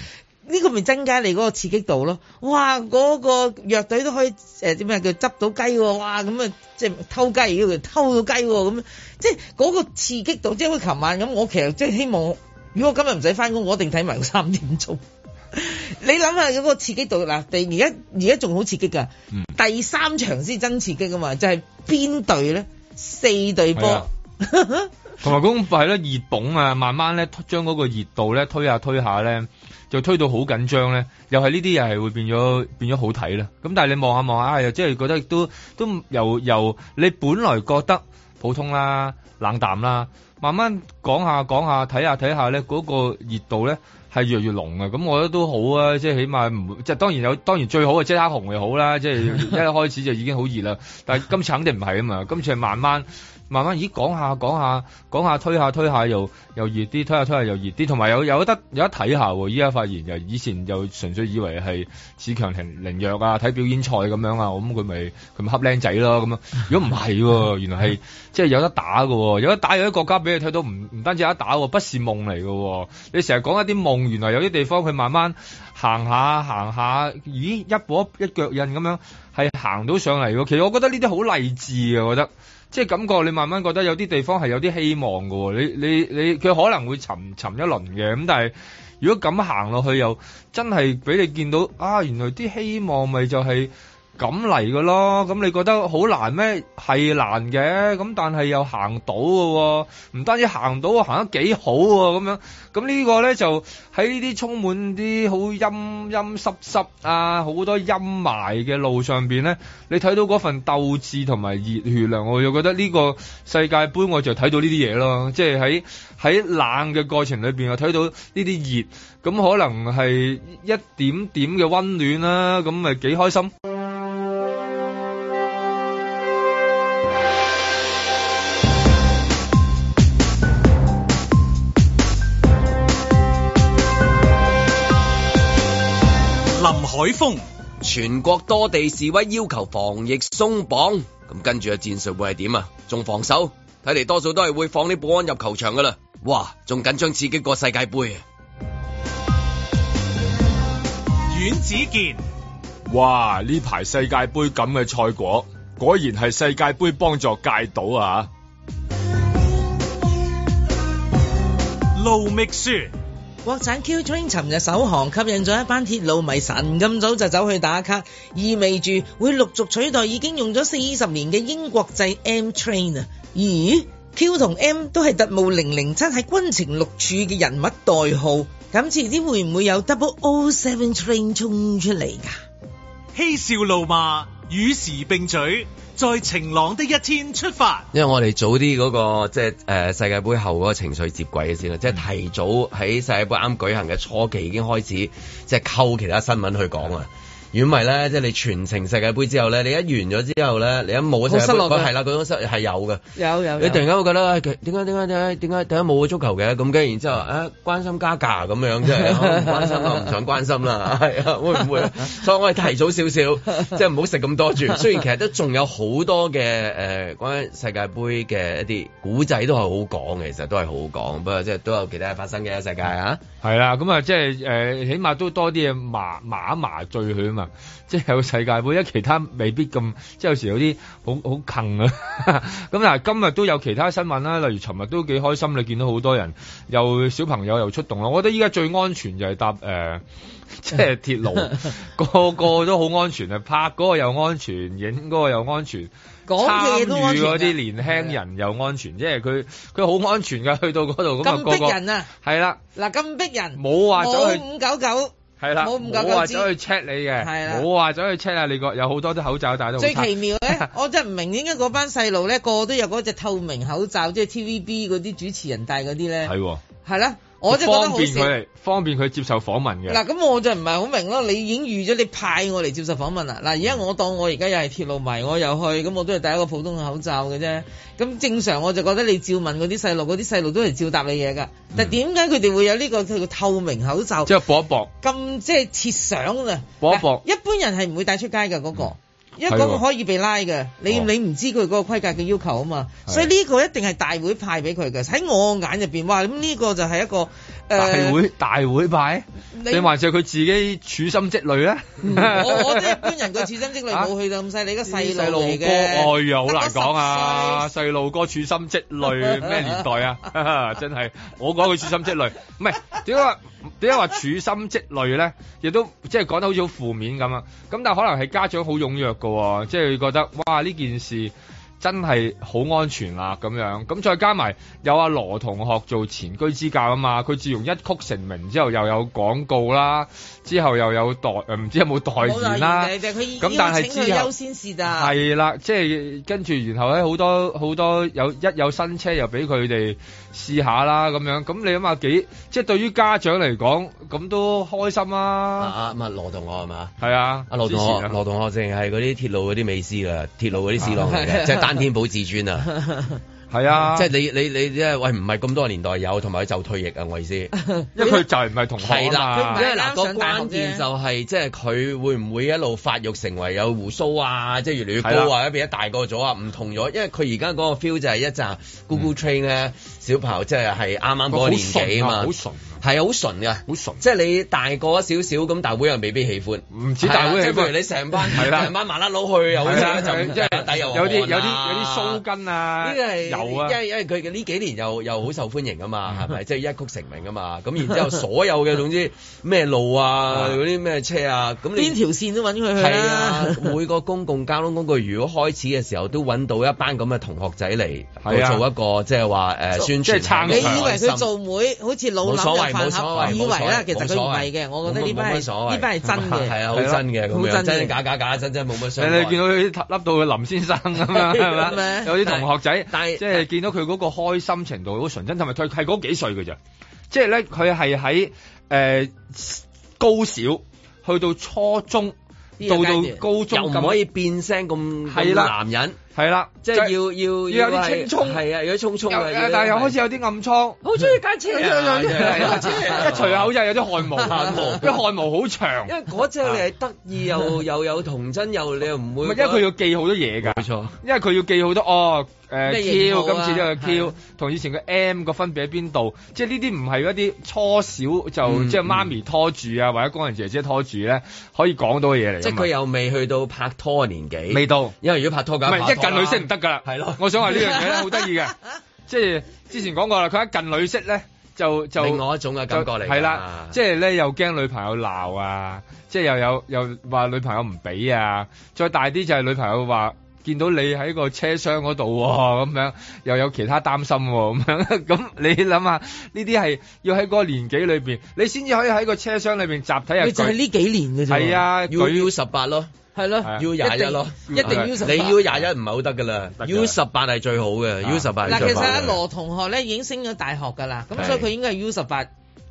呢個咪增加你嗰個刺激度咯！哇，嗰、那個弱隊都可以誒，點、呃、咩叫執到雞、哦？哇，咁啊，即係偷雞，偷到雞咁、哦，即係嗰個刺激度，即係好似琴晚咁。我其實即係希望，如果今日唔使翻工，我一定睇埋到三點鐘。 你諗下嗰個刺激度嗱，第而家而家仲好刺激噶，嗯、第三場先真刺激㗎嘛！就係邊隊咧？四隊波同埋咁，係咯的，熱捧 啊，慢慢咧將嗰個熱度咧推下推下咧。就推到好緊張咧，又係呢啲又係會變咗變咗好睇啦。咁但係你望下望下，又即係覺得亦都都由由你本來覺得普通啦冷淡啦，慢慢講下講下睇下睇下咧，嗰、那個熱度咧係越嚟越濃啊。咁我覺得都好啊，即係起碼唔即係當然有當然最好嘅即刻紅又好啦，即係一開始就已經好熱啦。 但係今次肯定唔係啊嘛，今次係慢慢。慢慢，咦？講下講下講下，推下推下又又熱啲，推下推下又熱啲。同埋有有得有得睇下喎。依家、啊、發現，以前又純粹以為係恃強凌凌弱啊，睇表演賽咁樣啊。咁佢咪佢咪蝦靚仔咯咁樣。如果唔係喎，原來係 即係有得打喎、啊。有得打有啲國家俾你睇到，唔唔單止有得打，不是夢嚟喎、啊。你成日講一啲夢，原來有啲地方佢慢慢行下行下，咦，一步一腳印咁樣係行到上嚟嘅。其實我覺得呢啲好勵志啊，我覺得。即係感覺，你慢慢覺得有啲地方係有啲希望㗎喎。你你你，佢可能會沉沉一輪嘅。咁但係，如果咁行落去，又真係俾你見到啊！原來啲希望咪就係、是。咁嚟嘅咯，咁你覺得好難咩？係難嘅，咁但係又行到喎，唔單止行到，行得幾好咁樣。咁呢個咧就喺呢啲充滿啲好陰陰濕濕啊，好多陰霾嘅路上邊咧，你睇到嗰份鬥志同埋熱血量，我又覺得呢個世界杯我就睇到呢啲嘢咯，即係喺喺冷嘅過程裏邊，我睇到呢啲熱，咁可能係一點點嘅溫暖啦，咁咪幾開心。林海峰，全國多地示威要求防疫鬆綁，咁跟住嘅戰術會係點啊？仲防守，睇嚟多數都係會放啲保安入球場噶啦。哇，仲緊張刺激過世界杯啊。阮子健，哇，呢排世界杯咁嘅賽果，果然係世界杯幫助戒賭啊。盧覓雪。國產 Q Train 尋日首航，吸引咗一班鐵路迷神，晨咁早就走去打卡，意味住會陸續取代已經用咗四十年嘅英國製 M Train 啊？咦，Q 同 M 都係特務零零七喺軍情六處嘅人物代號，咁遲啲會唔會有 Double O Seven Train 衝出嚟噶？嬉笑怒罵，與時並舉。在晴朗的一天出發，因為我哋早啲嗰、那個即係誒世界杯後嗰個情緒接軌先啦，嗯、即係提早喺世界杯啱舉行嘅初期已經開始即係溝其他新聞去講啊。原咪咧？即係、就是、你全程世界盃之後咧，你一完咗之後咧，你一冇咗係啦，嗰種失落係有嘅。有有。你突然間會覺得點解點解點解點解點解冇咗足球嘅？咁跟然之後，誒、啊、關心加價咁樣，真係、 啊、關心 我唔想關心啦。係啊，會唔會？ 所以我哋提早少少，即係唔好食咁多住。雖然其實都仲有好多嘅誒，關、呃、於世界盃嘅一啲古仔都係好講嘅，其實都係好講，不過即係都有其他發生嘅世界啊。係啦，咁啊，即係誒，起碼都多啲嘢麻麻麻醉佢。即係有世界盃，本其他未必咁，即係有時有啲好好近啊。 咁今日都有其他新聞啦，例如尋日都幾開心，你見到好多人又小朋友又出動啦。我覺得依家最安全就係搭誒，即係鐵路， 個個都好安全啊！拍嗰個又安全，影嗰個又安全，參與嗰啲年輕人又安全，的即係佢佢好安全噶。去到嗰度咁啊，逼、嗰個、人啊，係啦的，嗱咁逼人，冇話走去五九九。係啦，是我唔夠的我話走去 check 你嘅，我話走去 check 啊！你個有好多啲口罩戴到。最奇妙咧，我真係唔明，點解嗰班細路咧個個都有嗰隻透明口罩，即係 TVB 嗰啲主持人戴嗰啲咧。係係啦。我真係覺得好佢，方便佢接受訪問嘅。嗱，咁我就唔係好明咯。你已經預咗你派我嚟接受訪問啦。嗱，而家我當我而家又係鐵路迷，我又去，咁我都係戴一個普通嘅口罩嘅啫。咁正常我就覺得你照問嗰啲細路，嗰啲細路都係照答你嘢㗎。但係點解佢哋會有呢個佢嘅透明口罩？即係薄一薄，咁即係切相啦。薄一薄，一般人係唔會戴出街嘅嗰個。嗯一個可以被拉嘅，你你唔知佢個規格嘅要求啊嘛，哦、所以呢個一定係大會派俾佢嘅。喺我眼入邊，哇，咁呢個就係一個誒，呃、大會大會派。你還是佢自己處心積慮咧？我我即係一般人嘅處心積慮冇去到咁細，你而家細路哥愛啊，好、哎、難講啊！細路十歲 哥處心積慮咩年代啊？ 真係我講佢處心積慮，唔係點啊？點解話處心積慮咧？亦都即係講得好似好負面咁啊！咁但係可能係家長好踴躍嘅喎，即係會覺得哇呢件事。真係好安全啦咁樣，咁再加埋有阿羅同學做前居之教啊嘛，佢自從一曲成名之後又有廣告啦，之後又有代誒唔知有冇代言啦，咁但係之後優先試啊，係啦，即係跟住然後喺好多好多有一有新車又俾佢哋試下啦咁樣，咁你諗下幾即係對於家長嚟講咁都開心啊，咁啊羅同學係嘛？係啊，阿羅同學、啊、羅同學淨係嗰啲鐵路嗰啲美斯啊，鐵路嗰啲 C 朗嘅，啊翻 天寶自尊啊，係啊、 嗯，即係你你你即係喂唔係咁多年代有，同埋佢就退役啊！我意思是， 因為佢為就唔係同學啦、啊。係啦為，即係嗱個關鍵就係、是，即係佢會唔會一路發育成為有胡鬚啊，即係越嚟越高啊，變一大個咗啊，唔同咗。因為佢而家嗰個 feel 就係一集 Google Train 咧，小朋友即係係啱啱嗰個年紀啊嘛。呃係啊，好純㗎，好純。即係你大個咗少少，咁大會又未必喜歡。唔止大會，即如你成班係啦，成班麻甩佬去又點即係有有啲有啲有啲鬚根啊！呢個係有啊，因為因為佢呢幾年又又好受歡迎啊嘛，係咪？即係一曲成名啊嘛。咁然之後所有嘅總之咩路啊，嗰啲咩車啊，咁邊條線都揾佢去。係啊，每個公共交通工具如果開始嘅時候都揾到一班咁嘅同學仔嚟做一個即係話算出。即你以為佢做會好似老所謂冇所謂，以為咧，其實佢唔係嘅，我覺得呢班係呢班係真嘅，係啊，好真嘅咁樣，真真假假假真真，冇乜所謂。你見到佢粒到嘅林先生咁樣，係咪？有啲同學仔，即係見到佢嗰個開心程度好純真，同埋佢係嗰幾歲嘅啫，即係咧佢係喺誒高小去到初中，到到高中又唔可以變聲咁係啦男人。係啦，即係要要要有啲青葱，係啊，如果葱葱但係又開始有啲暗瘡，好中意戒車啊！一除口罩就有啲汗毛，汗毛啲汗毛好長。因為嗰隻你係得意又又有童真，又你又唔會。因為佢要記好多嘢噶，冇錯。因為佢要記好多哦，誒，Q 今次呢個 Q 同以前個 M 個分別喺邊度？即係呢啲唔係一啲初小就即係媽咪拖住啊，或者工人姐姐拖住咧，可以講到嘅嘢嚟。即係佢又未去到拍拖嘅年紀，未到。因為如果拍拖架，近女色唔得噶啦，係咯，我想話呢樣嘢咧好得意嘅，即係之前講過啦，佢喺近女色咧就就另外一種嘅感覺嚟，係啦，即係咧又驚女朋友鬧啊，即係又有又話女朋友唔俾啊，再大啲就係女朋友話。見到你喺個車廂嗰度咁樣，又有其他擔心咁樣，咁你諗下呢啲係要喺個年紀裏邊，你先至可以喺個車廂裏邊集體。你就係呢幾年嘅啫。係啊，U U 十八咯，係咯，U 廿一咯，一定 U 要。你 U 廿一唔係好得噶啦，U 十八係最好嘅，U 十八。嗱，其實阿羅同學咧已經升咗大學噶啦，咁所以佢應該係 U 十八。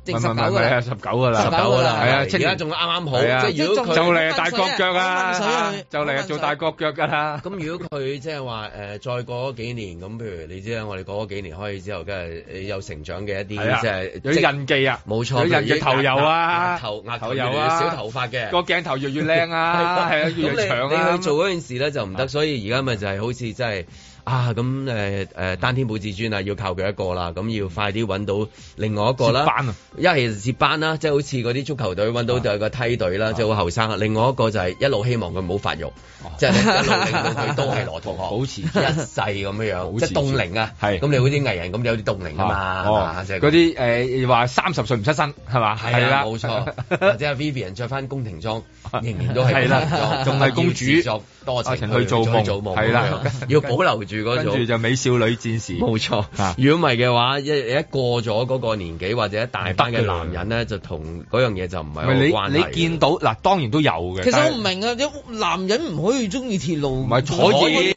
唔係唔係唔係啊，十九噶啦，十九噶啦，係啊，而家仲啱啱好。係啊，如果佢就嚟大國腳啊，就嚟做大國腳噶啦。咁如果佢即係話誒，再過嗰幾年，咁譬如你知啦，我哋過嗰幾年開始之後，梗係有成長嘅一啲即係有印記啊。冇錯，有印記頭有啊，頭額頭有啊，少頭髮嘅個鏡頭越嚟越靚啊，係啊，越嚟越長啊。你去做嗰件事咧就唔得，所以而家咪就係好似真係。啊，咁誒誒，單天寶至尊啊，要靠佢一個啦，咁要快啲搵到另外一個啦，一係接班啦，即係好似嗰啲足球隊搵到就有個梯隊啦，即係好後生啊。另外一個就係一路希望佢唔好發育，即係一路令到佢都係羅同學，保持一世咁樣樣，即係凍齡啊。係，咁你好似藝人咁有啲凍齡啊嘛，嗰啲誒話三十歲唔出身係嘛？係啦，冇錯，或者 Vivian 着翻宮廷裝。仍然都係，係啦，仲係公主多情去做夢，係啦，要保留住嗰種，跟住就美少女戰士，冇錯。如果唔係嘅話，一一過咗嗰個年紀或者一大班嘅男人咧，就同嗰樣嘢就唔係好關係。你見到嗱，當然都有嘅。其實我唔明啊，男人唔可以中意鐵路，唔係可以，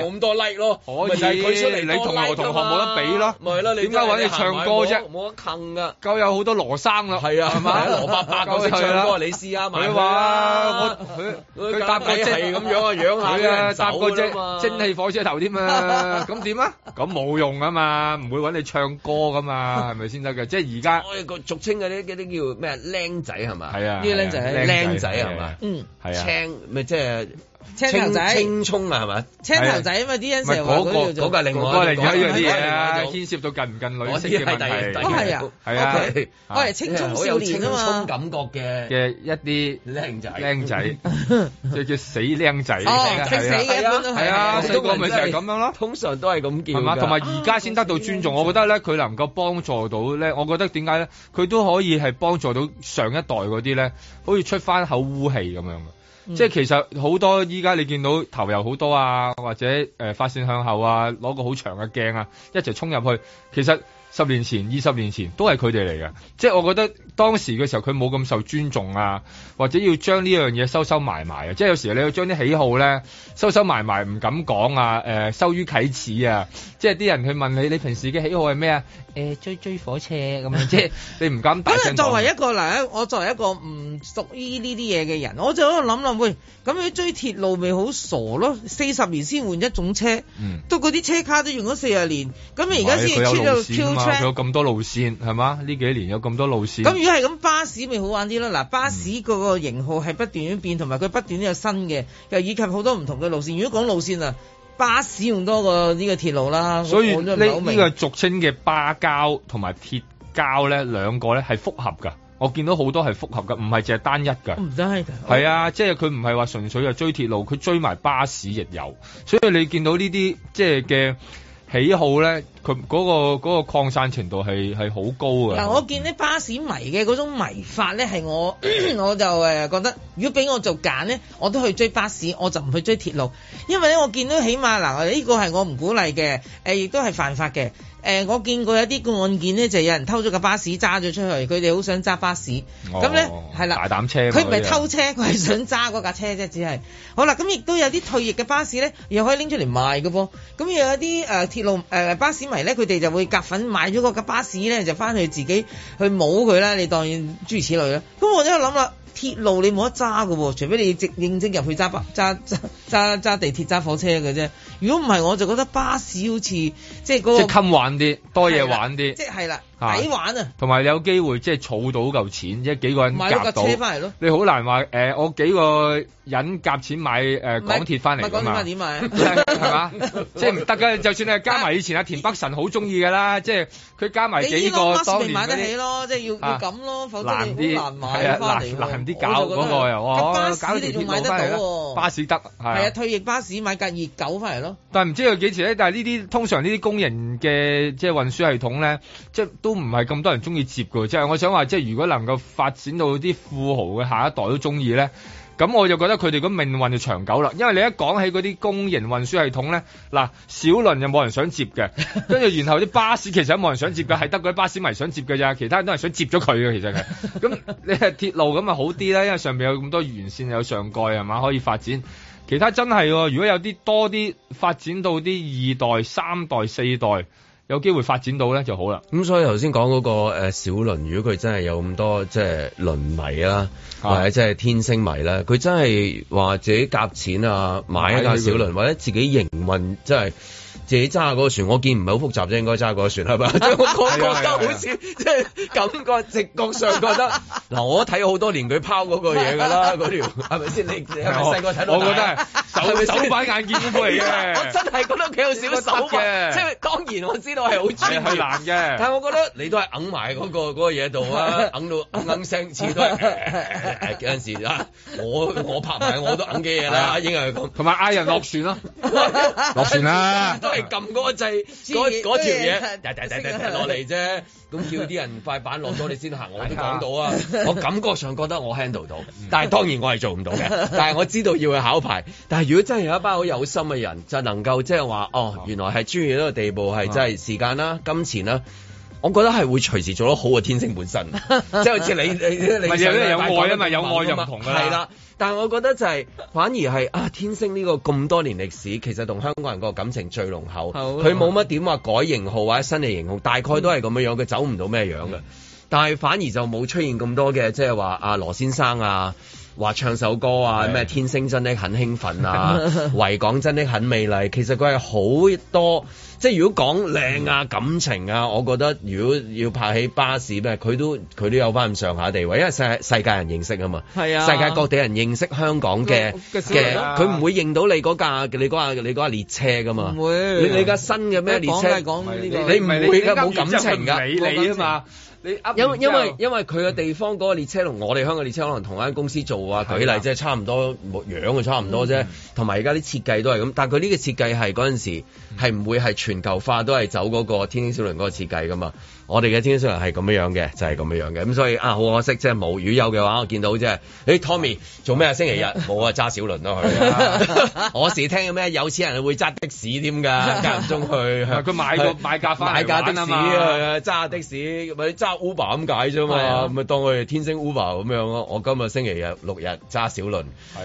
冇咁多 like 咯，可以。佢出嚟，你同我同學冇得比咯，咪係咯。點解揾你唱歌啫？冇得坑噶，夠有好多羅生啦，係啊，係嘛？羅伯伯唱歌，你試下啊！我佢佢搭個蒸咁樣啊樣啊，佢啊搭個蒸蒸汽火車頭添啊！咁點啊？咁冇用啊嘛，唔會揾你唱歌噶嘛，係咪先得嘅？即係而家我哋個俗稱嗰啲嗰啲叫咩啊？僆仔係嘛？係啊，呢啲僆仔係僆仔係嘛？嗯，係啊，青咪即係。青頭仔，青葱啊，係咪？青頭仔，因為啲人成日話嗰個嗰個另外另一樣啲嘢啊，牽涉到近唔近女色嘅問題。係啊，係啊，青葱少年啊嘛，青葱感覺嘅嘅一啲靚仔，靚仔，就叫死靚仔。哦，死靚一般都係，係啊，咪就係咁樣咯。通常都係咁見。係嘛，同埋而家先得到尊重，我覺得咧，佢能夠幫助到咧，我覺得點解咧，佢都可以係幫助到上一代嗰啲咧，好似出翻口污氣咁樣。嗯、即係其實好多依家，你見到頭油好多啊，或者誒、呃、髮線向後啊，攞個好長嘅鏡啊，一齊衝入去，其實。十年前、二十年前都係佢哋嚟嘅，即係我覺得當時嘅時候佢冇咁受尊重啊，或者要將呢樣嘢收、啊呃、收埋埋啊，即係有時你要將啲喜好咧收收埋埋，唔敢講啊，誒羞於啟齒啊，即係啲人佢問你你平時嘅喜好係咩啊？誒、欸、追追火車咁樣， 即係你唔敢。咁啊，作為一個嗱，我作為一個唔屬於呢啲嘢嘅人，我就喺度諗諗喂，咁你追鐵路咪好傻咯？四十年先換一種車，車、嗯，都嗰啲車卡都用咗四十年，咁而家先出咗哦、有咁多路線係嘛？呢幾年有咁多路線。咁如果係咁，巴士咪好玩啲咯？嗱，巴士個個型號係不斷咁變，同埋佢不斷都有新嘅，又以及好多唔同嘅路線。如果講路線啊，巴士用多過呢個鐵路啦。所以呢呢個俗稱嘅巴膠同埋鐵膠咧，兩個咧係複合㗎。我見到好多係複合㗎，唔係淨係單一㗎。唔真係㗎係啊，哦、即係佢唔係話純粹係追鐵路，佢追埋巴士亦有。所以你見到呢啲即係嘅。喜好咧，佢嗰個嗰個擴散程度係係好高嘅。嗱，我見啲巴士迷嘅嗰種迷法咧，係我 我就誒覺得，如果俾我做揀咧，我都去追巴士，我就唔去追鐵路，因為咧我見到起碼嗱，呢個係我唔鼓勵嘅，誒亦都係犯法嘅。誒、呃，我見過有啲案件咧，就是、有人偷咗架巴士揸咗出去，佢哋好想揸巴士。咁咧、哦，係啦，大膽車嘛，佢唔係偷車，佢係 想揸嗰架車啫，只係。好啦，咁亦都有啲退役嘅巴士咧，又可以拎出嚟賣嘅噃。咁又有啲誒、呃、鐵路誒、呃、巴士迷咧，佢哋就會夾份買咗嗰架巴士咧，就翻去自己去舞佢啦。你當然諸如此類啦。咁我喺度諗啦。鐵路你冇得揸㗎喎，除非你應徵入去揸巴揸揸揸揸地鐵揸火車㗎啫。如果唔係，我就覺得巴士好似即係嗰個。即係襟玩啲，多嘢玩啲。即係係啦。抵玩啊！同埋你有機會即係儲到嚿錢，即係幾個人夾到買架車翻嚟咯。你好難話誒，我幾個人夾錢買誒港鐵翻嚟嘛？點買？係嘛？即係唔得嘅。就算你加埋以前阿田北辰好中意嘅啦，即係佢加埋幾個當年買得起咯，即係要要咁咯，否則好難買翻嚟，難啲搞。嗰個又我搞到點買得到？巴士得係啊！退役巴士買架熱狗翻嚟咯。但係唔知佢幾時咧？但係呢啲通常呢啲工人嘅即係運輸系統咧，即係。都唔係咁多人中意接㗎。即係我想話，即係如果能夠發展到啲富豪嘅下一代都中意咧，咁我就覺得佢哋個命運就長久啦。因為你一講起嗰啲公營運輸系統咧，嗱，小輪又冇人想接嘅，跟住然後啲巴士其實都冇人想接嘅，係得嗰啲巴士迷想接嘅啫，其他人都係想接咗佢嘅，其實係。咁你係鐵路咁啊好啲啦，因為上面有咁多沿綫有上蓋係嘛，可以發展。其他真係，哦，如果有啲多啲發展到啲二代、三代、四代，有機會發展到咧就好啦，嗯。咁所以頭先講嗰個、呃、小輪，如果佢真係有咁多即係輪迷啦，啊，或者即係天星迷咧，啊，佢真係話自己夾錢啊買一架小輪，或者自己營運，即係。自己揸嗰個船，我見唔係好複雜啫，應該揸嗰個船係咪？ 我感覺得好似即係感覺直覺上覺得，嗱，我睇好多年佢拋嗰個嘢㗎啦，嗰條係咪先？你你係咪細個睇落？我覺得係手擺眼見功夫嚟嘅。 我真係覺得企有少少手嘅。即係當然我知道係好專業難嘅，但係我覺得你都係揞埋嗰個嗰個嘢度啊，揞到揞揞聲，始終都係有陣時。我我拍埋我都揞嘅嘢啦，應該係同埋嗌人落船咯，落船啦。撳嗰個掣，嗰條嘢，跌跌跌跌落嚟啫。咁叫啲人快板落咗，你先行我都講到啊。我感覺上覺得我 handle 到，但係當然我係做唔到嘅。但係我知道要去考牌。但係如果真係有一班好有心嘅人，就能夠即係話，哦，原來係專業呢個地步係真係時間啦、啊、金錢啦、啊。我覺得係會隨時做得好嘅天星本身，即係好似你你有咩愛啊嘛，你 因為有愛就唔同啦。係啦，但係我覺得就係、是、反而係、啊、天星呢、呢個咁多年歷史，其實同香港人個感情最濃厚。佢冇乜點話改型號或者新嘅型號，大概都係咁樣樣，佢、嗯、走唔到咩樣嘅。但係反而就冇出現咁多嘅，即係話阿羅先生啊。話唱首歌啊，咩天星真的很興奮啊，維 港真的很美麗。其實佢係好多，即係如果講靚啊、感情啊，我覺得如果要拍起巴士咩，佢都佢都有翻咁上下地位，因為世世界人認識啊嘛，係啊，世界各地人認識香港嘅嘅，佢唔、啊、會認到你嗰架你嗰架你嗰架列車噶嘛，唔會。你你架新嘅咩列車講，說說這個、你唔係噶冇感情噶，美麗啊嘛。因因為因為佢嘅地方嗰個列車同、嗯、我哋香港的列車可能同一間公司做啊，舉例即係是的 差唔多樣嘅，差唔多啫，同埋而家啲設計都係咁，但佢呢個設計係嗰陣時係唔會係全球化都係走嗰個天星小輪嗰個設計噶嘛。我哋嘅天星人係咁樣樣嘅，就係咁樣樣嘅，咁所以啊好可惜，即係冇。如果有嘅話，我見到即係誒 Tommy 做咩星期日冇啊？揸小輪咯，佢。我時聽嘅咩有錢人會揸的士添㗎，間唔中去。佢買個買架買架的士啊，揸的士咪揸 Uber 咁解啫嘛，咪當佢哋天星 Uber 咁樣咯。我今日星期日六日揸小輪，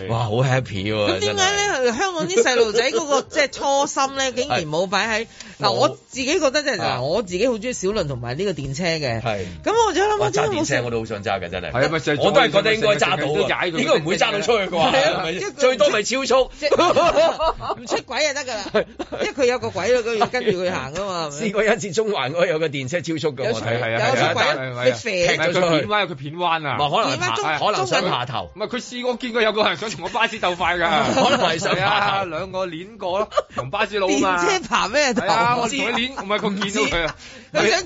哇好 happy。咁點解咧？香港啲細路仔嗰個即係初心咧，竟然冇擺喺嗱，我自己覺得即係嗱，我自己好中意小輪同埋。呢個電車嘅，係咁我就諗，揸電車我都好想揸嘅，真係，我都係覺得應該揸到，應該唔會揸到出去啩，最多咪超速，唔出軌就得噶啦因為佢有個軌啊，佢要跟住佢行噶嘛。試過一次中環嗰有個電車超速嘅，我睇係啊，有軌，佢斜咗去，佢變彎，佢變彎啊，可能可能想爬頭，唔係佢試過，我見過有個人想同巴士鬥快噶可能係想兩個捻過咯，同巴士佬嘛，電車爬咩頭？我同佢捻，唔係佢見到佢啊，佢想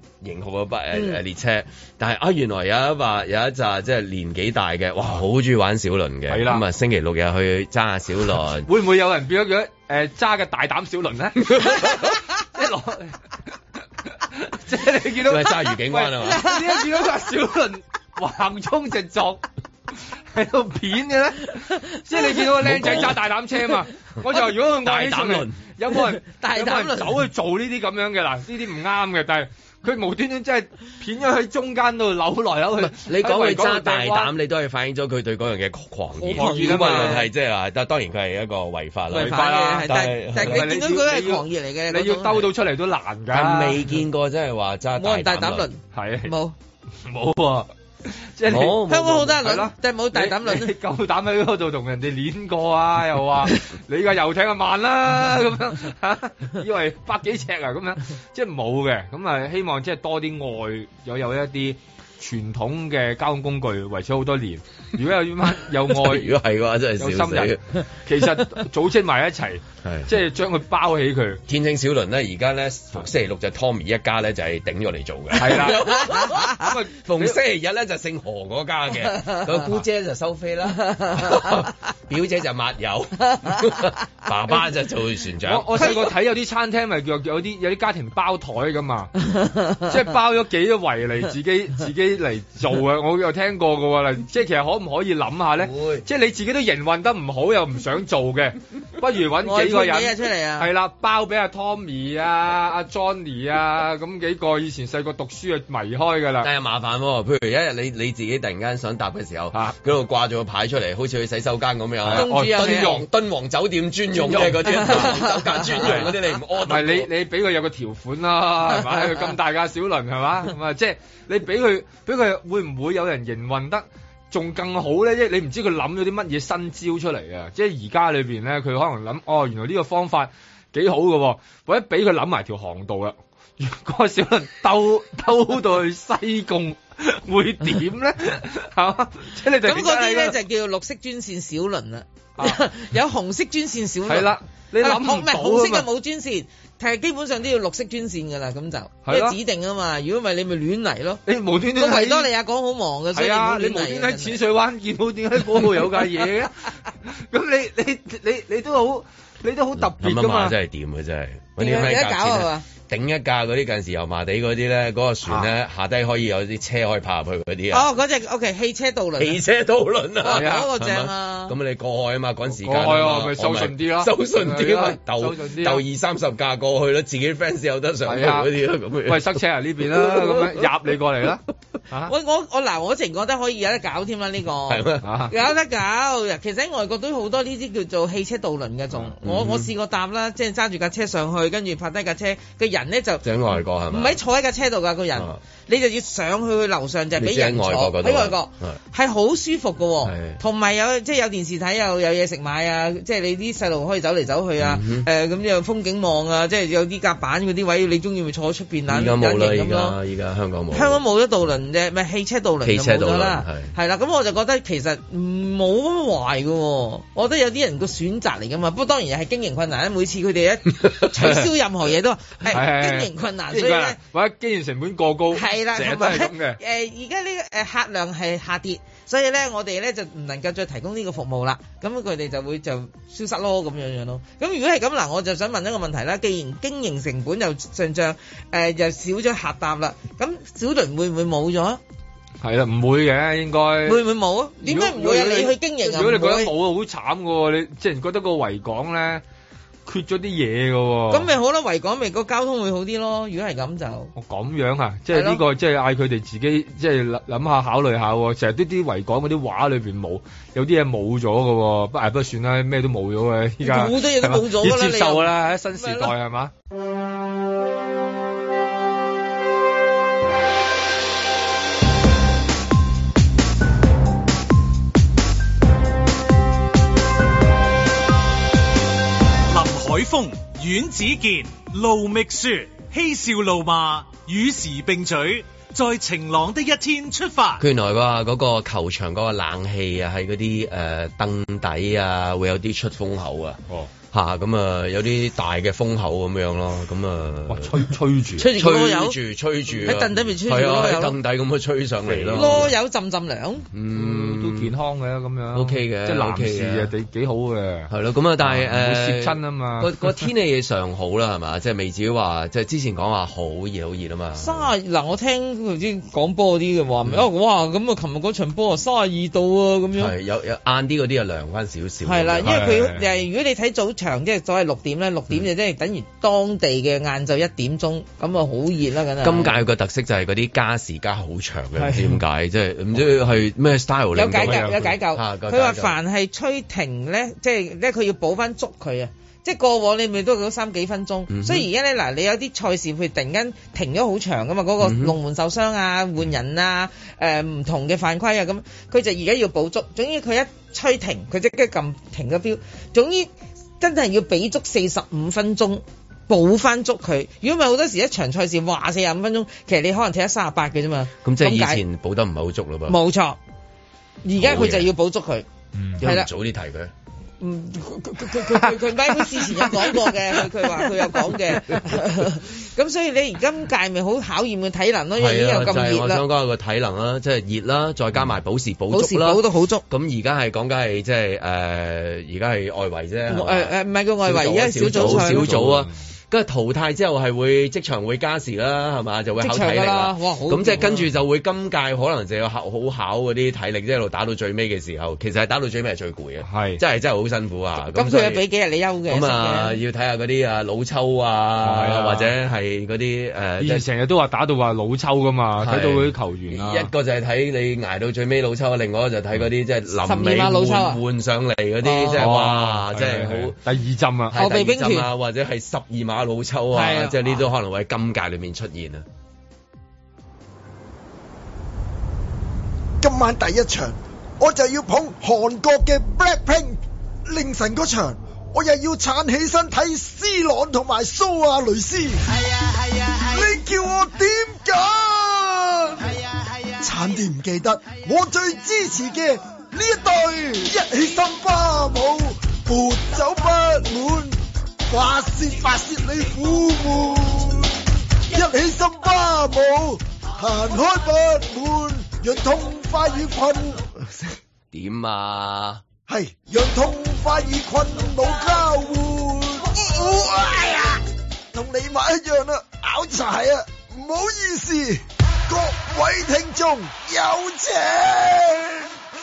型號嘅不誒誒列車，嗯、但係啊原來有一話有一紮即係年紀大嘅，哇好中意玩小輪嘅，咁啊的星期六日去揸下小輪。 會唔會有人變咗咗誒揸嘅大膽小輪咧？即 係我 你見到揸御景灣啊？點解見到揸小輪橫衝直撞喺度 片嘅咧？即 係你見到個靚仔揸大膽車啊嘛？說 我就話如果我大膽輪有冇人大膽輪走去做呢啲咁樣嘅啦，呢啲唔啱嘅，但係。佢無端端即係片咗喺中間度扭來扭去。你講佢揸大膽，你都係反映咗佢對嗰樣嘅狂熱啊嘛，係即係話，但當然佢係一個違法啦。違法嘅，但但係你見到佢係狂熱嚟嘅，你要兜到出嚟都難㗎。係未見過即係話揸大膽。冇人大膽論，係冇冇。即係 你香港好多人嚟咯，啦即係冇大膽女，你你夠膽喺嗰度同人哋攣過啊！又話你個遊艇就慢啦，咁 樣嚇、啊，以為百幾尺啊，咁樣即係冇嘅。咁啊，希望即係多啲外有有一啲傳統嘅交通工具，維持好多年。 如果有要有愛， 如果係嘅話真係有心 其實組織埋一齊，即係 將佢包起佢。天星小輪咧，而家咧逢星期六就 Tommy 一家咧就係、是、頂咗嚟做嘅。係啦，逢星期日咧就姓何嗰家嘅，佢姑姐就收飛啦，表姐就抹油， 爸爸就做船長。我我細個睇有啲餐廳咪有有啲有啲家庭包台㗎嘛，即係 包咗幾圍嚟自己 自己嚟做啊！我有聽過㗎喎，即、就、係、是、其實可。可以諗下咧，即係你自己都營運得唔好又唔想做嘅，不如揾幾個人出嚟啊，係啦，包俾阿 Tommy 啊、阿 Johnny 啊咁幾個，以前細個讀書啊迷開噶啦。但係麻煩，譬如一日你你自己突然間想搭嘅時候，吓，度掛咗個牌出嚟，好似去洗手間咁樣，專用敦煌酒店專用嘅嗰啲，酒店專用嗰啲你唔屙得。唔係你你俾佢有個條款啦，係咪？咁大架小輪係嘛？咁啊即係你俾佢俾佢會唔會有人營運得？仲更好咧，即係你唔知佢諗咗啲乜嘢新招出嚟啊！即係而家裏面咧，佢可能諗，哦，原來呢個方法幾好嘅，或者俾佢諗埋條航道啦。如果小輪兜兜到去西貢會呢，會點咧？嚇！即係你哋咁嗰啲咧就叫做綠色專線小輪啦、啊，啊、 有紅色專線小輪。係啦，你諗唔到啊嘛？紅色嘅冇專線。其實基本上都要綠色專線噶啦，咁就即是、啊、指定啊嘛。如果唔係你咪亂嚟咯。你無端端，個維多利亞港好忙嘅，所以你無端喺淺水灣見到，點解喺度有間嘢嘅。咁 你你你你都好，你都好特別㗎嘛想想真的的。真係掂嘅，真係。點解搞啊？頂一架嗰啲近時油麻地嗰啲咧，嗰個船咧下低可以有啲車可以爬入去嗰啲哦，嗰隻 OK 汽車渡輪，汽車渡輪啊，嗰個正啊！咁你過海啊嘛，趕時間，過海啊咪收順啲咯，收順啲咯，逗逗二三十架過去啦，自己 fans 有得上嗰啲，喂塞車啊呢邊啦，咁樣你過嚟啦！喂我我嗱我覺得可以有得搞添啦呢個，有得搞，其實外國都好多呢啲叫做汽車渡輪嘅種我我試過搭啦，即係揸住架車上去，跟住拍低架車人咧就整外國係咪，係咪唔係坐喺架車度噶、那個人。嗯你就要上去佢樓上就俾人坐，喺外國係好舒服嘅喎，同埋有即係有電視睇，又有嘢食買啊！即係你啲細路可以走嚟走去啊！誒咁樣風景望啊！即係有啲甲板嗰啲位，你中意咪坐喺出邊啊咁咯？依家香港冇，香港冇咗渡輪啫，咪汽車渡輪就冇咗啦。係啦，咁我就覺得其實冇咁壞嘅，我覺得有啲人個選擇嚟㗎嘛。不過當然係經營困難啦，每次佢哋一取消任何嘢都話係經營困難，所以咧或者經營成本過高。係啦，咁啊，誒，而家呢個誒客量係下跌，所以咧我哋咧就唔能夠再提供呢個服務啦，咁佢哋就會就消失咯，咁樣樣咯。咁如果係咁嗱，我就想問一個問題啦，既然經營成本又上漲，誒又少咗客搭啦，咁小輪會唔會冇咗？係啦，唔會嘅應該。會唔會冇啊？點解唔會有你去經營？如果你覺得冇啊，好慘噶，你即係覺得個維港咧，缺咗啲嘢嘅喎，咁咪、哦、好啦，維港咪個交通會好啲咯。如果係咁就，我咁樣啊，即係呢、呢個是的 即係嗌佢哋自己即係諗下考慮下、哦。成日啲啲維港嗰啲畫裏面冇，有啲嘢冇咗喎。不誒不過算啦，咩都冇咗嘅依家。冇啲嘢都冇咗啦，接受啦，喺有新時代係嘛。是的 吧海峰、阮子健、盧覓雪，嬉笑怒罵，與時並舉，在晴朗的一天出發。佢原來嗰個球場嗰個冷氣啊，喺嗰啲誒凳底啊，會有啲出風口啊。哦。吓，咁啊，有啲大嘅風口咁樣咯，咁啊，哇吹吹住，吹住，吹住，吹住喺凳底邊吹住咯，喺凳底咁去吹上嚟咯，攞有浸浸涼，嗯，都健康嘅咁樣，O K 嘅，即係男士啊，幾幾好嘅，係咯，咁啊，但係誒，會濕親啊嘛，個天氣尚好啦，係嘛，即係未至於話，即係之前講話好熱好熱啊嘛，三啊，嗱，我聽啲講波啲嘅話，哇，咁啊，琴日嗰場波三啊二度啊。咁樣，係有有晏啲嗰啲啊。涼翻少少，係啦，因為佢如果你睇早。長即係所謂六點咧，六點就即係等於當地嘅晏晝一點鐘咁啊，好熱啦，梗係今屆個特色就係嗰啲加時加好長嘅，點解即係唔知係咩 style 咧？有解救有解救，佢話凡係吹停咧，即係咧，佢要補翻足佢啊，即係過往你咪都係嗰三幾分鐘，所以而家咧嗱，你有啲賽事會突然間停咗好長噶嘛？嗰個龍門受傷啊，換人啊，誒唔同嘅犯規啊，咁佢就而家要補足。總之佢一吹停，佢即刻撳停咗表。總之。真係要俾足四十五分鐘補翻足佢，如果唔係好多時一場賽事話四十五分鐘，其實你可能踢咗三十八嘅啫嘛。咁即係以前補得唔係好足咯噃。冇但錯，而家佢就要補足佢，係啦，嗯、要要早啲提佢。嗯，佢佢佢佢佢佢，佢 c 之前有講過嘅，佢佢話佢有講嘅。咁 所以你而今屆咪好考驗嘅體能咯，的因為又咁熱啦。係啊，就係我想講個體能啦，即係熱啦，再加埋補時，補足啦，補都好足。咁而家係講緊，係即係誒，而家係外圍啫。唔係、嗯呃、個外圍，而家係小組，小組啊。跟住淘汰之後係會即場會加時啦，係嘛？就會考體力啦，咁即係跟住就會今屆可能就要考好考嗰啲體力，即係一路打到最尾嘅時候，其實係打到最尾係最攰嘅。係真係真係好辛苦啊！咁佢有俾幾日你休嘅？咁啊，要睇下嗰啲啊老抽啊，或者係嗰啲誒，成日都話打到話老抽噶嘛，睇到嗰啲球員一個就係睇你捱到最尾老抽，另外一個就睇嗰啲即係臨尾老抽換上嚟嗰啲，即係哇，即係好第二針啊！後備兵團啊，或者係十二碼。老抽啊，即係呢都可能會喺金界裏面出現啊！今晚第一場我就要捧韓國嘅 Blackpink，凌晨嗰場我又要撐起身睇 C 朗同埋蘇亞雷斯。係啊係啊係啊，你叫我點搞？係啊係啊！慘啲唔記得我最支持嘅呢一隊，一起森巴舞，潑走不滿。發泄發泄你苦悶，一起心花舞，行開不滿，讓痛快與困點啊？係讓痛快與困惱交換、嗯。哎呀，同你咪一樣啦、啊，拗柴啊，唔好意思，各位聽眾有請，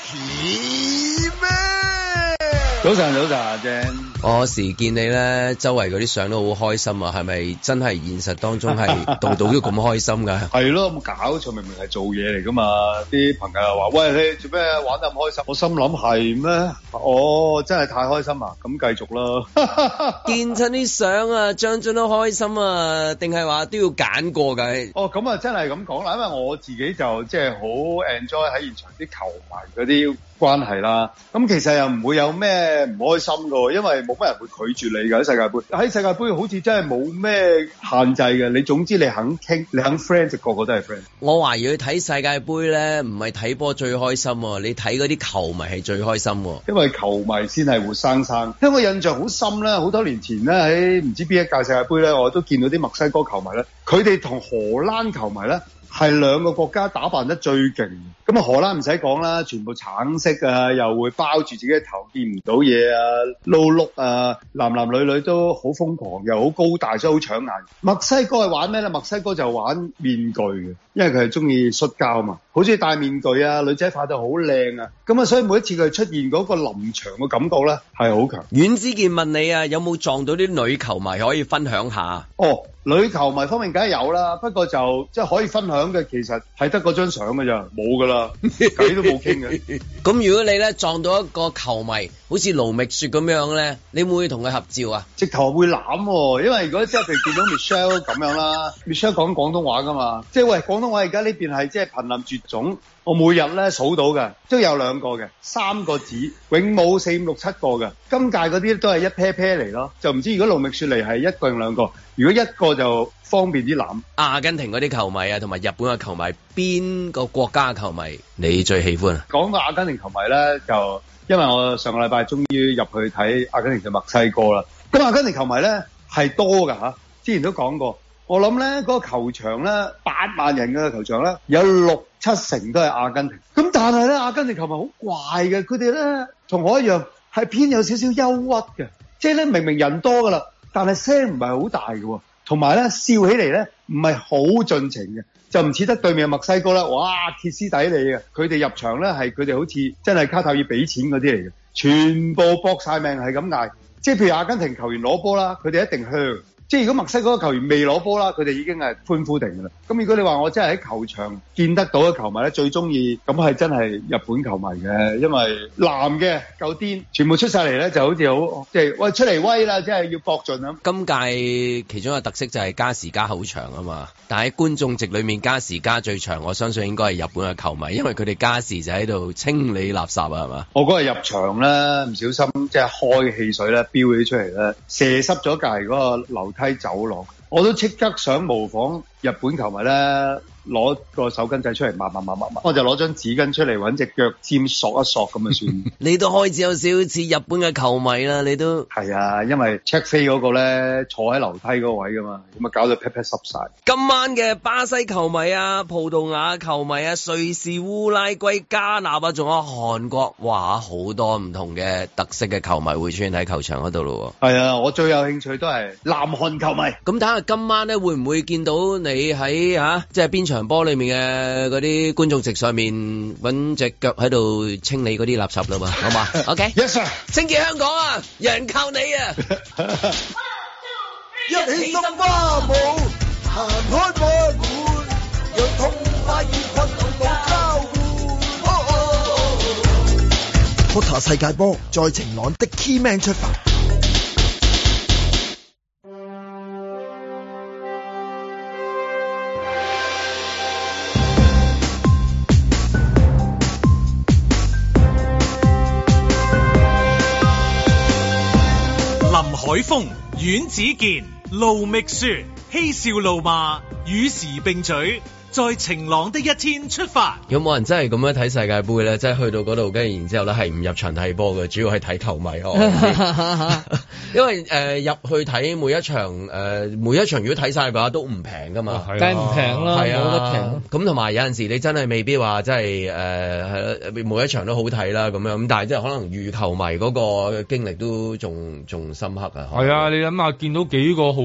起咩、啊？早晨，早晨。我時見你咧，周圍嗰啲相都好開心啊！係咪真係現實當中係度度都咁開心㗎？係咯，咁搞錯明明係做嘢嚟㗎嘛！啲朋友又話：，喂，你做咩玩得咁開心？我心諗係咩？我真係太開心啊！咁繼續啦。見親啲相啊，張張都開心啊，定係話都要揀過㗎？哦，咁啊，真係咁講啦，因為我自己就即係好 enjoy 喺現場啲球迷嗰啲關係啦。咁其實又唔會有咩唔開心㗎，因為冇乜人會拒絕你㗎，喺世界盃，喺世界盃好似真係冇咩限制嘅。你總之你肯傾，你肯 friend 就個個都係 friend。我懷疑去睇世界盃咧，唔係睇波最開心，你睇嗰啲球迷係最開心，因為球迷先係活生生。香港印象好深啦，好多年前咧喺唔知邊一屆世界盃咧，我都見到啲墨西哥球迷咧，佢哋同荷蘭球迷咧。係兩個國家打扮得最勁，咁啊荷蘭唔使講啦，全部橙色啊，又會包住自己嘅頭，見唔到嘢啊，露碌啊，男男女女都好瘋狂，又好高大，所以好搶眼。墨西哥係玩咩咧？墨西哥就玩面具嘅，因為佢係中意摔跤嘛，好中意戴面具啊，女仔化到好靚啊，咁啊，所以每一次佢出現嗰個臨場嘅感覺咧，係好強。阮子健問你啊，有冇撞到啲女球迷可以分享下？哦。女球迷方面梗係有啦，不過就即係可以分享嘅，其實係得嗰張相㗎咋，冇㗎啦，偈 都冇傾嘅。咁如果你咧撞到一個球迷好似盧覓雪咁樣咧，你會唔會同佢合照啊？直頭會攬喎，因為如果即係譬如見到 Mich Michelle 咁樣啦，Michelle 講廣東話㗎嘛，即係喂廣東話而家呢邊係即係瀕臨絕種。我每日咧數到嘅，都有兩個嘅，三個子永冇四五六七個嘅，今屆嗰啲都係一樖樖嚟咯，就唔知如果盧覓雪嚟係一個定兩個，如果一個就方便啲諗。阿根廷嗰啲球迷啊，同埋日本嘅球迷，邊個國家嘅球迷你最喜歡啊？講到阿根廷球迷咧，就因為我上個禮拜終於入去睇阿根廷對墨西哥啦，咁阿根廷球迷咧係多㗎吓。之前都講過，我諗咧嗰個球場咧八萬人嘅球場咧有六。七成都係阿根廷，咁但係咧，阿根廷球迷好怪嘅，佢哋咧同我一樣係偏有少少憂鬱嘅，即係咧明明人多㗎啦，但係聲唔係好大嘅，同埋咧笑起嚟咧唔係好盡情嘅，就唔似得對面嘅墨西哥啦，哇，歇斯底里嘅，佢哋入場咧係佢哋好似真係卡塔爾俾錢嗰啲嚟嘅，全部搏曬命係咁嗌，即係譬如阿根廷球員攞波啦，佢哋一定向。即係如果墨西哥個球員未攞波啦，佢哋已經係歡呼定㗎啦。咁如果你話我真係喺球場見得到嘅球迷咧，最中意咁係真係日本球迷嘅，因為藍嘅夠癲，全部出晒嚟咧就好似好即係喂出嚟威啦，即係要搏盡咁。今屆其中一個特色就係加時加好長啊嘛，但係喺觀眾席裏面加時加最長，我相信應該係日本嘅球迷，因為佢哋加時就喺度清理垃圾啊，係嘛？我嗰日入場咧，唔小心即係開汽水咧，飆起出嚟咧，射濕咗隔籬嗰個樓。梯走廊，我都即刻想模仿日本球迷咧。攞個手巾仔出嚟抹抹抹抹抹，我就攞張紙巾出嚟搵隻腳尖索一索咁啊算。 你都開始有少少似日本嘅球迷啦，你都係啊，因為 check 飛嗰個咧坐喺樓梯嗰位噶嘛，咁啊搞到 pat pat 濕曬。今晚嘅巴西球迷啊、葡萄牙球迷啊、瑞士烏拉圭、加納啊，仲有韓國，哇好多唔同嘅特色嘅球迷會出現喺球場嗰度咯。係啊，我最有興趣都係南韓球迷。咁睇下今晚咧會唔會見到你喺啊？即係邊場？場波裏面嘅嗰啲觀眾席上面揾隻腳喺度清理嗰啲垃圾啦嘛，好嘛？OK，Yes sir，清潔香港啊，人靠你啊！一四三五，一起森巴舞，行開舞館，讓痛快與快樂共交換。Pota 世界波，在晴朗的一天出發。林海峰、阮子健、盧覓雪嬉笑怒罵，與時並舉。在晴朗的一天出發。有冇人真係咁樣睇世界盃咧？即係去到嗰度，跟住然之後咧，係唔入場，睇波嘅，主要係睇球迷咯。 因為誒入去睇每一場誒，每一場，每一場如果睇晒嘅話都唔平噶嘛，梗係唔平啦係啊，啊，都冇乜平。咁同埋有陣時你真係未必話真係誒係每一場都好睇啦，咁樣咁，但係即係可能遇球迷嗰個經歷都仲仲深刻啊。係啊，你諗下見到幾個好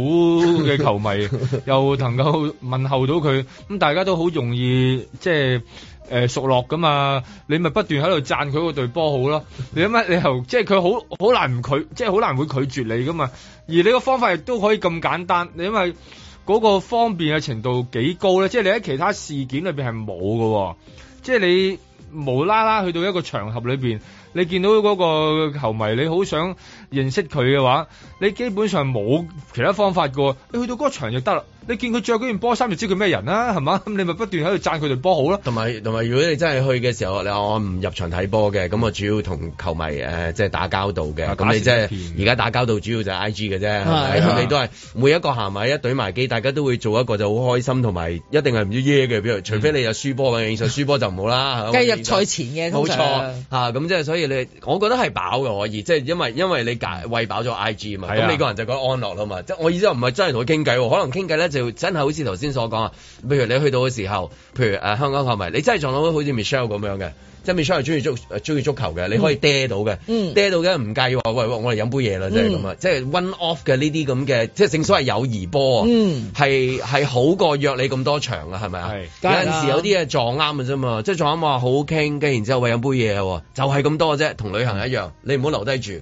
嘅球迷， 又能夠問候到佢咁，但大家都好容易即係誒、呃、熟絡噶嘛，你咪不斷喺度贊佢個隊波好咯。你諗下，你又即係佢好好難唔拒，即係好難會拒絕你噶嘛。而你個方法亦都可以咁簡單，你因為嗰個方便嘅程度幾高咧，即係你喺其他事件裏邊係冇噶，即係你無啦啦去到一個場合裏邊，你見到嗰個球迷，你好想認識佢嘅話，你基本上冇其他方法噶。你去到嗰場就得啦，你見佢着嗰件波衫就知佢咩人啦、啊，係嘛？咁你咪不斷喺度讚佢條波好咯、啊。同埋同埋，如果你真係去嘅時候，你話我唔入場睇波嘅，咁我主要同球迷、呃、即係打交道嘅。咁你即係而家打交道主要就係 I.G. 嘅啫，咁你都係每一個行埋一隊埋機，大家都會做一個就好開心，同埋一定係唔知耶嘅，譬如除非你有輸波嘅因素，嗯、輸波就唔好啦。計入賽前嘅冇錯，咁即係所以你我覺得係飽嘅可以，即、就、係、是、因為因為你。餵飽咗 IG 啊嘛，咁你個人就覺得安樂咯嘛。即係我意思話唔係真係同佢傾偈，可能傾偈咧就真係好似頭先所講啊。譬如你去到嘅時候，譬如啊香港球迷，你真係撞到好似 Michelle 咁樣嘅，即係 Michelle 係中意足中意足球嘅，你可以嗲到嘅，嗲到嘅唔介意話喂，我嚟飲杯嘢啦，即係咁啊，即係 one off 嘅呢啲咁嘅，即係正所謂友誼波啊，係係好過約你咁多場啊，係咪啊？有陣時有啲嘢撞啱嘅啫嘛，即係撞啱話好傾，跟住然之後喂飲杯嘢，就係咁多啫，同旅行一樣，你唔好留低住。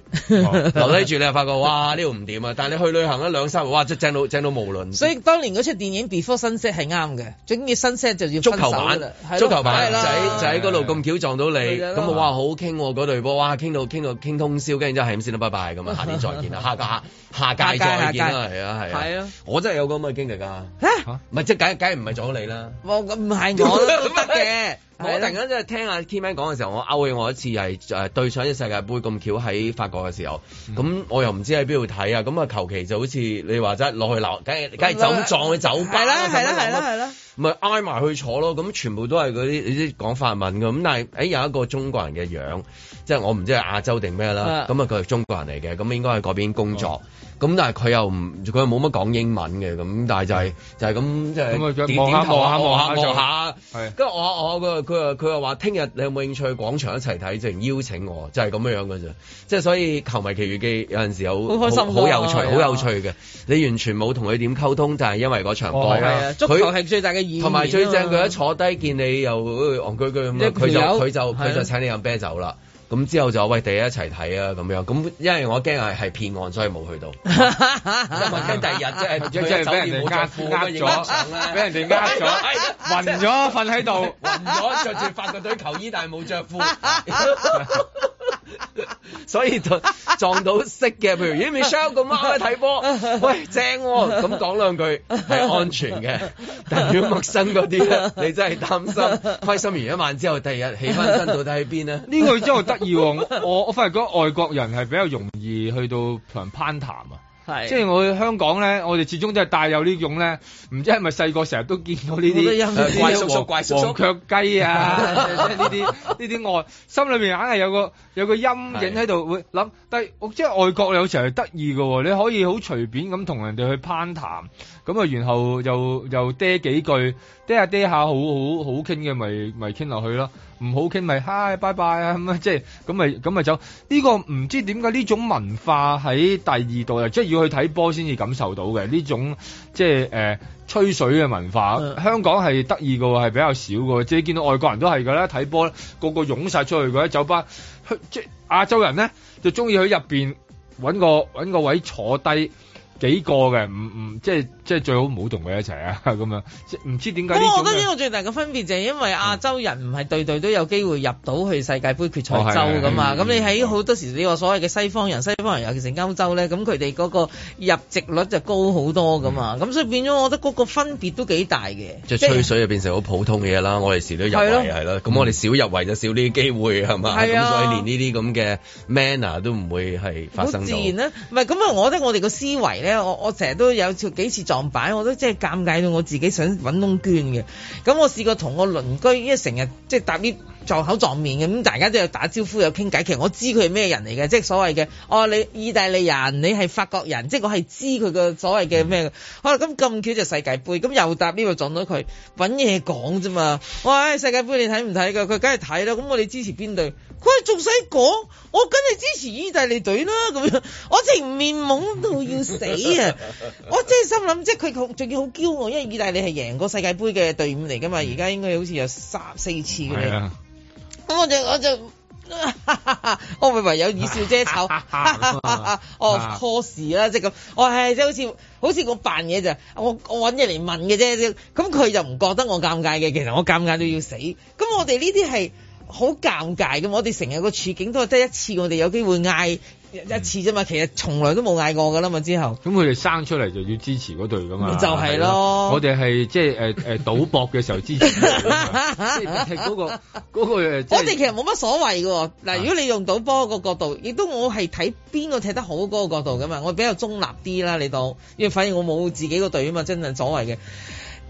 留低住，你又發覺哇，呢度唔掂啊！但係你去旅行一兩三個哇真正到正到無論。所以當年嗰出電影 Before Sunset 係啱嘅，總之新色就要足球版，足球版仔就喺嗰度咁巧撞到你，咁哇好傾嗰對波，哇傾到傾到傾通宵，跟住之後係咁先啦，拜拜咁啊，下年再見啦，下屆下屆再見啦，係啊係啊，係啊，我真係有咁嘅經歷噶，唔係即係梗梗係唔係撞到你啦，咁唔係我乜嘅。我突然間即係聽阿 Key Man 講嘅時候，我勾起我一次係誒對上啲世界盃咁巧喺法國嘅時候，咁我又唔知喺邊度睇啊，咁啊求其就好似你話齋落去鬧，梗係梗係走撞去酒吧，係啦係啦係啦，咪挨埋去坐咯，咁全部都係嗰啲啲講法文嘅，咁但係誒、欸、有一個中國人嘅樣，即係我唔知係亞洲定咩啦，咁啊佢係中國人嚟嘅，咁應該喺嗰邊工作。哦。咁但係佢又唔佢又冇乜講英文嘅，咁但係就係就係咁即係點點望下望下望下，跟住我我佢佢又話聽日你有冇興趣去廣場一齊睇，即係邀請我，就係咁樣樣嘅啫。即係所以球迷奇遇記有陣時好好有趣，好有趣嘅。你完全冇同佢點溝通，就係因為嗰場波。係啊，足球係最大嘅意同埋最正。佢一坐低見你又戇居居咁，佢就佢就佢就請你飲啤酒啦。咁之後就喂，第一一齊睇啊，咁樣，咁因為我驚係係騙案，所以冇去到。咁 為驚第二日即係即係冇著褲，俾了人哋呃咗，俾人哋呃咗，暈咗，瞓喺度，暈咗，穿著住法國隊球衣，但係冇著褲。 所以撞到識嘅，譬如 Michelle 個睇波， 喂正咁、啊、講兩句係安全嘅。但係如果陌生嗰啲，你真係擔心，開心完一晚之後，第二日起翻身到底喺邊呢？呢個真係得意喎！我我反而覺得外國人係比較容易去到同人攀談啊。是即係我去香港咧，我哋始終都係帶有呢種咧，唔知係咪細個成日都見到呢啲怪叔叔、怪叔叔、黃腳雞啊，即係呢啲呢啲外心裏面硬係有個有個陰影喺度會諗，是但係我即係外國有時係得意㗎喎，你可以好隨便咁同人哋去攀談。咁啊，然後又又嗲幾句，爹下爹下，好好好傾嘅，咪咪傾落去咯。唔好傾，咪嗨，拜拜啊！咁啊，即係咁咪咁咪走。呢、這個唔知點解呢種文化喺第二度啊，即係要去睇波先至感受到嘅呢種即係誒、呃、吹水嘅文化。嗯、香港係得意嘅係係比較少嘅，即係見到外國人都係㗎啦，睇波咧個個湧晒出去嗰啲酒吧。香即亞洲人咧就中意去入邊揾個揾個位坐低幾個嘅，唔唔即係。即係最好唔好同佢一齊啊！咁樣唔知點解。不過我覺得呢個最大嘅分別就係因為亞洲人唔係對對都有機會入到去世界盃決賽周㗎嘛，咁你喺好多時呢個所謂嘅西方人、西方人尤其是歐洲咧，咁佢哋嗰個入籍率就高好多噶嘛！咁所以變咗，我覺得嗰個分別都幾大嘅。即係吹水就變成好普通嘅嘢啦！我哋時都入圍，係啦。咁我哋少入圍就少啲機會係嘛？咁所以連呢啲咁嘅 manner 都唔會係發生。自然啦！唔係咁啊！我覺得我哋個思維咧，我我成日都有幾次。撞擺，我都即係尷尬到我自己想揾窿捐嘅。咁我試過同我鄰居，因為成日即係搭啲，就是撞口撞面嘅咁，大家都有打招呼，有傾偈。其實我知佢係咩人嚟嘅，即係所謂嘅哦，你意大利人，你係法國人，即係我係知佢嘅所謂嘅咩。嗯、好啦，咁咁巧就世界杯，咁又搭呢、這個撞到佢，搵嘢講啫嘛。喂、哎，世界杯你睇唔睇噶？佢梗係睇啦。咁我哋支持邊隊？佢仲使講？我梗係支持意大利隊啦。咁樣，我直面懵到要死啊！ 我即係心諗，即係佢仲仲要好驕傲，因為意大利係贏過世界杯嘅隊伍嚟噶嘛。而家、嗯、應該好似有三四次嘅。咁我就我就，我咪唯有以笑遮醜，哦 cos 啦即係咁，我係即係好似好似我扮嘢就，我我揾嘢嚟問嘅啫，咁佢就唔覺得我尷尬嘅，其實我尷尬都要死，咁我哋呢啲係好尷尬嘅，我哋成日個處境都係得一次，我哋有機會嗌。一次啫嘛，其實從來都冇嗌過㗎啦嘛。之後咁佢哋生出嚟就要支持嗰隊㗎嘛，就係咯。我哋係即係誒誒賭博嘅時候支持，即係踢嗰個嗰個、 嗰個、就係、我哋其實冇乜所謂嘅。嗱，如果你用賭波、啊、個角度，亦都我係睇邊個踢得好嗰個角度㗎嘛。我比較中立啲啦，你當。因為反而我冇自己個隊啊嘛，真係所謂嘅。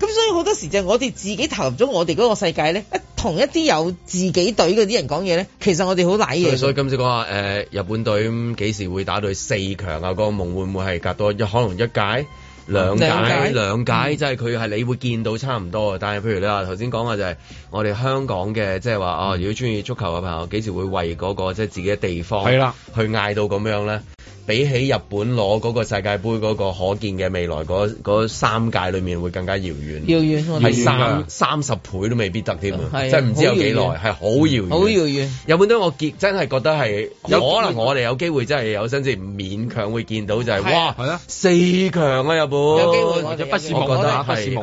咁所以好多時就係我哋自己投入咗我哋嗰個世界咧，同一啲有自己隊嗰啲人講嘢咧，其實我哋好賴嘢。所以今次講下、呃、日本隊咁幾時會打到四強啊？嗰個夢會唔會係隔多一可能一屆、兩屆、嗯、兩屆，即係佢係你會見到差唔多。嗯、但係譬如你話頭先講嘅就係我哋香港嘅，即係話哦，如果中意足球嘅朋友幾時會為嗰、嗰個即係、就係、自己嘅地方係啦，去嗌到咁樣咧。比起日本攞嗰個世界盃嗰個可見嘅未來嗰三屆裏面會更加遙遠，係三三十倍都未必得添，即係唔知有幾耐，係好遙遠。好遙遠。日本都我真係覺得係有可能，我哋有機會真係有甚至勉強會見到就係哇，四強啊！日本有機會，我哋我覺得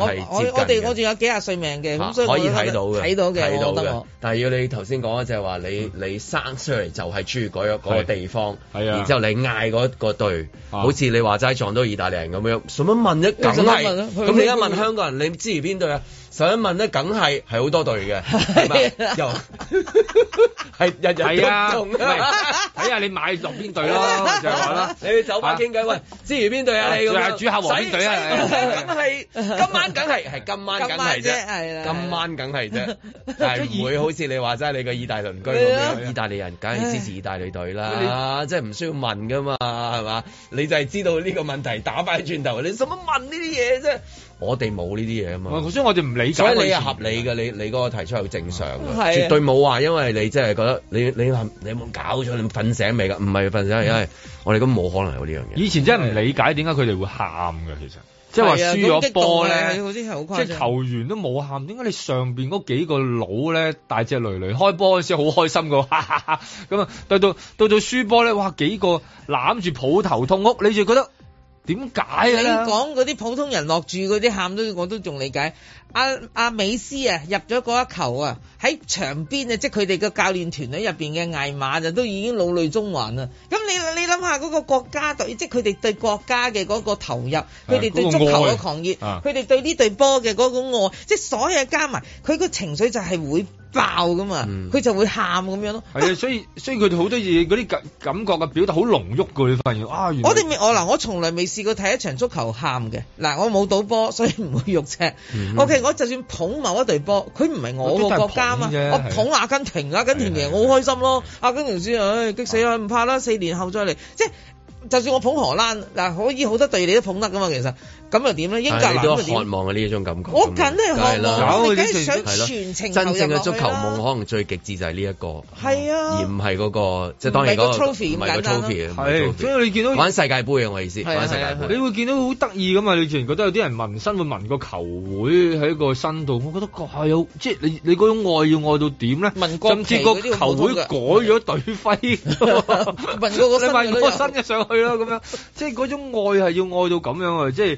我哋我仲有幾廿歲命嘅，可以睇到嘅，睇到嘅，但係要你頭先講嘅就係話你你生出嚟就係住嗰個地方，然之後你壓。大嗰個隊，啊、好似你話齋撞到意大利人咁樣，想問、啊、想問咧、啊，梗係咁。你而家問香港人，你唔知係邊隊啊？想問咧，梗係係好多隊嘅，又係日日都係、啊。 睇下你買落邊隊啦，你去酒吧傾偈，喂支持邊隊啊你咁樣，主客黃邊隊啊，梗係今晚梗係係今晚梗係啫，今晚梗係啫，係唔會好似你話齋係你個意大利鄰居，意大利人梗係支持意大利隊啦，啊，即係唔需要問㗎嘛，係嘛？你就係知道呢個問題打翻轉頭，你使乜問呢啲嘢啫？我哋冇呢啲嘢啊嘛，所以我哋唔理解所以你理。你合理嘅，你你嗰個提出係正常嘅，啊啊啊、絕對冇話因為你真係覺得你你喊你有冇搞錯，你瞓醒未㗎？唔係瞓醒，嗯、因為我哋根本冇可能有呢樣嘢。以前真係唔理解點解佢哋會喊嘅，其實即係話輸咗波咧，即係球員都冇喊，點解你上邊嗰幾個佬咧大隻騾騾開波嗰時好開心㗎，咁 啊到到到到輸波咧，哇幾個攬住抱，抱頭痛哭，你就覺得。點解啊？你講嗰啲普通人落住嗰啲喊都，我都仲理解。阿、啊、阿、啊、美斯啊，入咗嗰一球啊，喺場邊啊，即係佢哋嘅教練團隊入邊嘅艾瑪就都已經老淚縱橫啦。咁你你諗下嗰個國家隊，即係佢哋對國家嘅嗰個投入，佢哋、啊、對足球嘅狂熱，佢哋對呢隊波嘅嗰種愛，啊、即係所有加埋，佢個情緒就係會。爆咁啊！佢、嗯、就會喊咁樣咯。係啊，所以所以佢哋好多嘢嗰啲感感覺嘅表達好濃郁噶，你發現啊！我哋我嗱，我從來未試過睇一場足球喊嘅。嗱，我冇賭波，所以唔會肉赤。嗯、哼 o、okay, K，我就算捧某一隊波，佢唔係我個國家嘛，捧我捧阿根廷，的阿根廷贏，我好開心咯。阿根廷輸，唉、哎，激死我，唔怕啦，四年後再嚟。即係，就算我捧荷蘭，嗱，可以好多隊你都捧得噶嘛，其實。咁又點咧？應該都渴望嘅呢一種感覺。我梗係渴望，係想全程投入。真正嘅足球夢可能最極致就係呢一個。係啊，而唔係嗰個即係當然個。唔係個 trophy 咁簡單。係，所以你見到玩世界盃嘅我意思，玩世界盃。你會見到好得意㗎嘛？你自然覺得有啲人紋身會紋個球會喺個身度，我覺得係有即係你你嗰種愛要愛到點咧？甚至個球會改咗隊徽，紋個個新嘅上去啦咁樣。即係嗰種愛係要愛到咁樣啊！即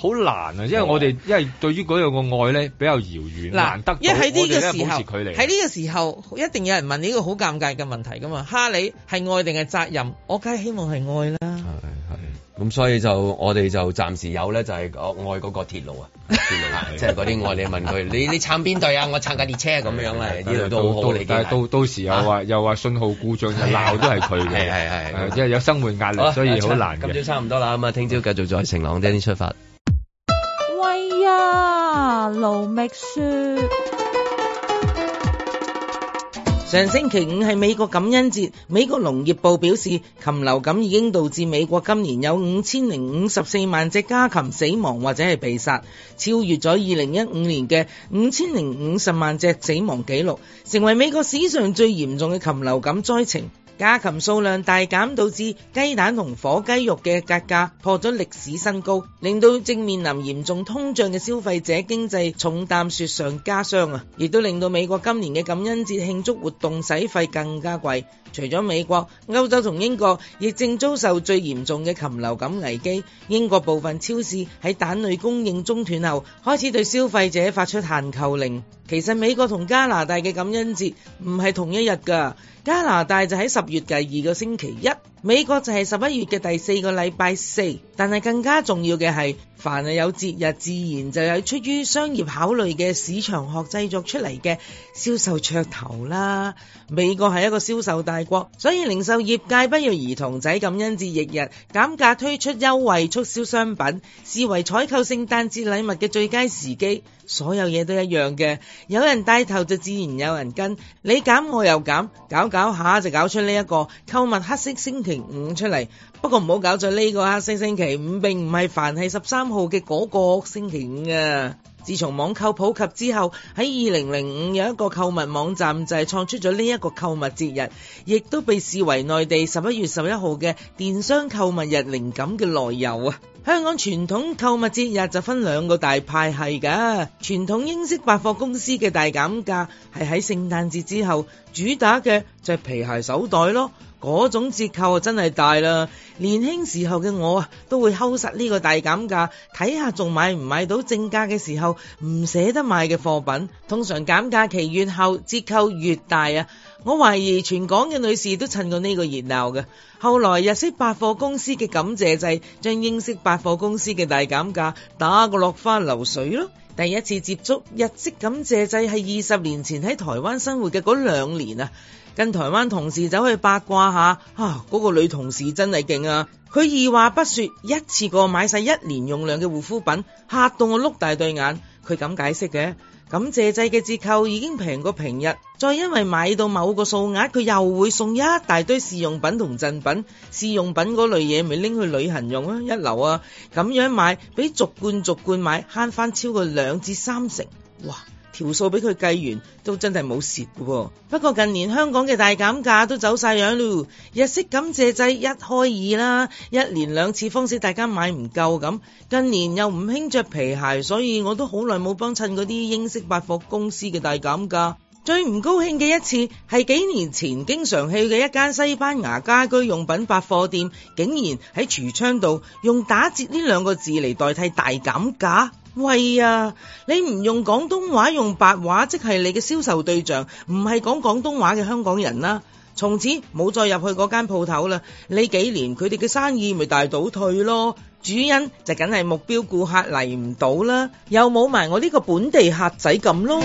好難啊，因為我哋因為對於嗰樣個愛咧比較遙遠，難得。因為喺呢個時候，喺呢個時候一定有人問呢個好尷尬嘅問題噶嘛。哈利係愛定係責任？我梗係希望係愛啦。係係。咁所以就我哋就暫時有咧，就係愛嗰個鐵路啊，鐵路。即係嗰啲愛你問佢，你你撐邊隊啊？我撐架列車咁樣啦。呢度都好理解。但係到到時又話又話信號故障，又鬧都係佢嘅。係係係。有生活壓力，所以好難。今朝差唔多啦，咁啊，聽朝繼續再晴朗啲出發。呀，盧覓、yeah, 雪。上星期五係美國感恩節，美國農業部表示，禽流感已經導致美國今年有五千零五十四萬隻家禽死亡或者係被殺，超越咗二零一五年嘅五千零五十萬隻死亡紀錄，成為美國史上最嚴重嘅禽流感災情。家禽數量大減，導致雞蛋同火雞肉嘅價格破咗歷史新高，令到正面臨嚴重通脹嘅消費者經濟重擔雪上加霜啊！亦都令到美國今年嘅感恩節慶祝活動使費更加貴。除咗美國，歐洲同英國亦正遭受最嚴重嘅禽流感危機。英國部分超市喺蛋類供應中斷後，開始對消費者發出限購令。其實美國同加拿大嘅感恩節唔係同一日噶。加拿大就喺十月嘅二個星期一，美國就係十一月嘅第四個禮拜四，但係更加重要嘅係凡係有節日，自然就有出於商業考慮嘅市場學製作出嚟嘅銷售噱頭啦。美國係一個銷售大國，所以零售業界不要兒童仔感恩節翌日，日減價推出優惠促銷商品，視為採購聖誕節禮物嘅最佳時機。所有嘢都一樣嘅，有人帶頭就自然有人跟，你減我又減，搞搞下就搞出呢、這、一個購物黑色星期五出嚟。不過唔好搞錯呢個黑色星期五並唔係凡係十三號嘅嗰個星期五啊！自從網購普及之後，喺二零零五有一個購物網站就係創出咗呢一個購物節日，亦都被視為內地十一月十一號嘅電商購物日靈感嘅來由啊！香港傳統購物節日就分兩個大派系㗎，傳統英式百貨公司嘅大減價係喺聖誕節之後主打嘅，着皮鞋手袋咯，嗰種折扣真係大啦。年輕時候嘅我啊，都會偷實呢個大減價，睇下仲買唔買到正價嘅時候唔捨得買嘅貨品，通常減價期越後折扣越大啊！我懷疑全港嘅女士都趁過呢個熱鬧嘅。後來日式百貨公司嘅感謝祭，將英式百貨公司嘅大減價打個落花流水咯。第一次接觸日式感謝祭係二十年前喺台灣生活嘅嗰兩年啊，跟台灣同事走去八卦一下，啊，嗰個女同事真係勁啊，佢二話不說一次過買晒一年用量嘅護膚品，吓到我碌大對眼。佢咁解釋嘅。咁借制嘅折扣已經平過平日，再因為買到某個數額，佢又會送一大堆試用品同贈品。試用品嗰類嘢咪拎去旅行用啊，一流啊！咁樣買比逐罐逐罐買慳返超過兩至三成，哇！條數俾佢計完，都真係冇蝕喎。不過近年香港嘅大減價都走晒樣啦，日式感謝祭一開二啦，一年兩次方式大家買唔夠咁。近年又唔興着皮鞋，所以我都好耐冇幫襯嗰啲英式百貨公司嘅大減價。最唔高興嘅一次係幾年前經常去嘅一間西班牙家居用品百貨店，竟然喺櫥窗度用打折呢兩個字嚟代替大減價。喂呀，你唔用廣東話，用白話，即係你嘅銷售對象，唔係講廣東話嘅香港人啦。從此冇再入去嗰間鋪頭啦。呢幾年佢哋嘅生意咪大倒退咯，主因就梗係目標顧客嚟唔到啦，又冇埋我呢個本地客仔咁咯。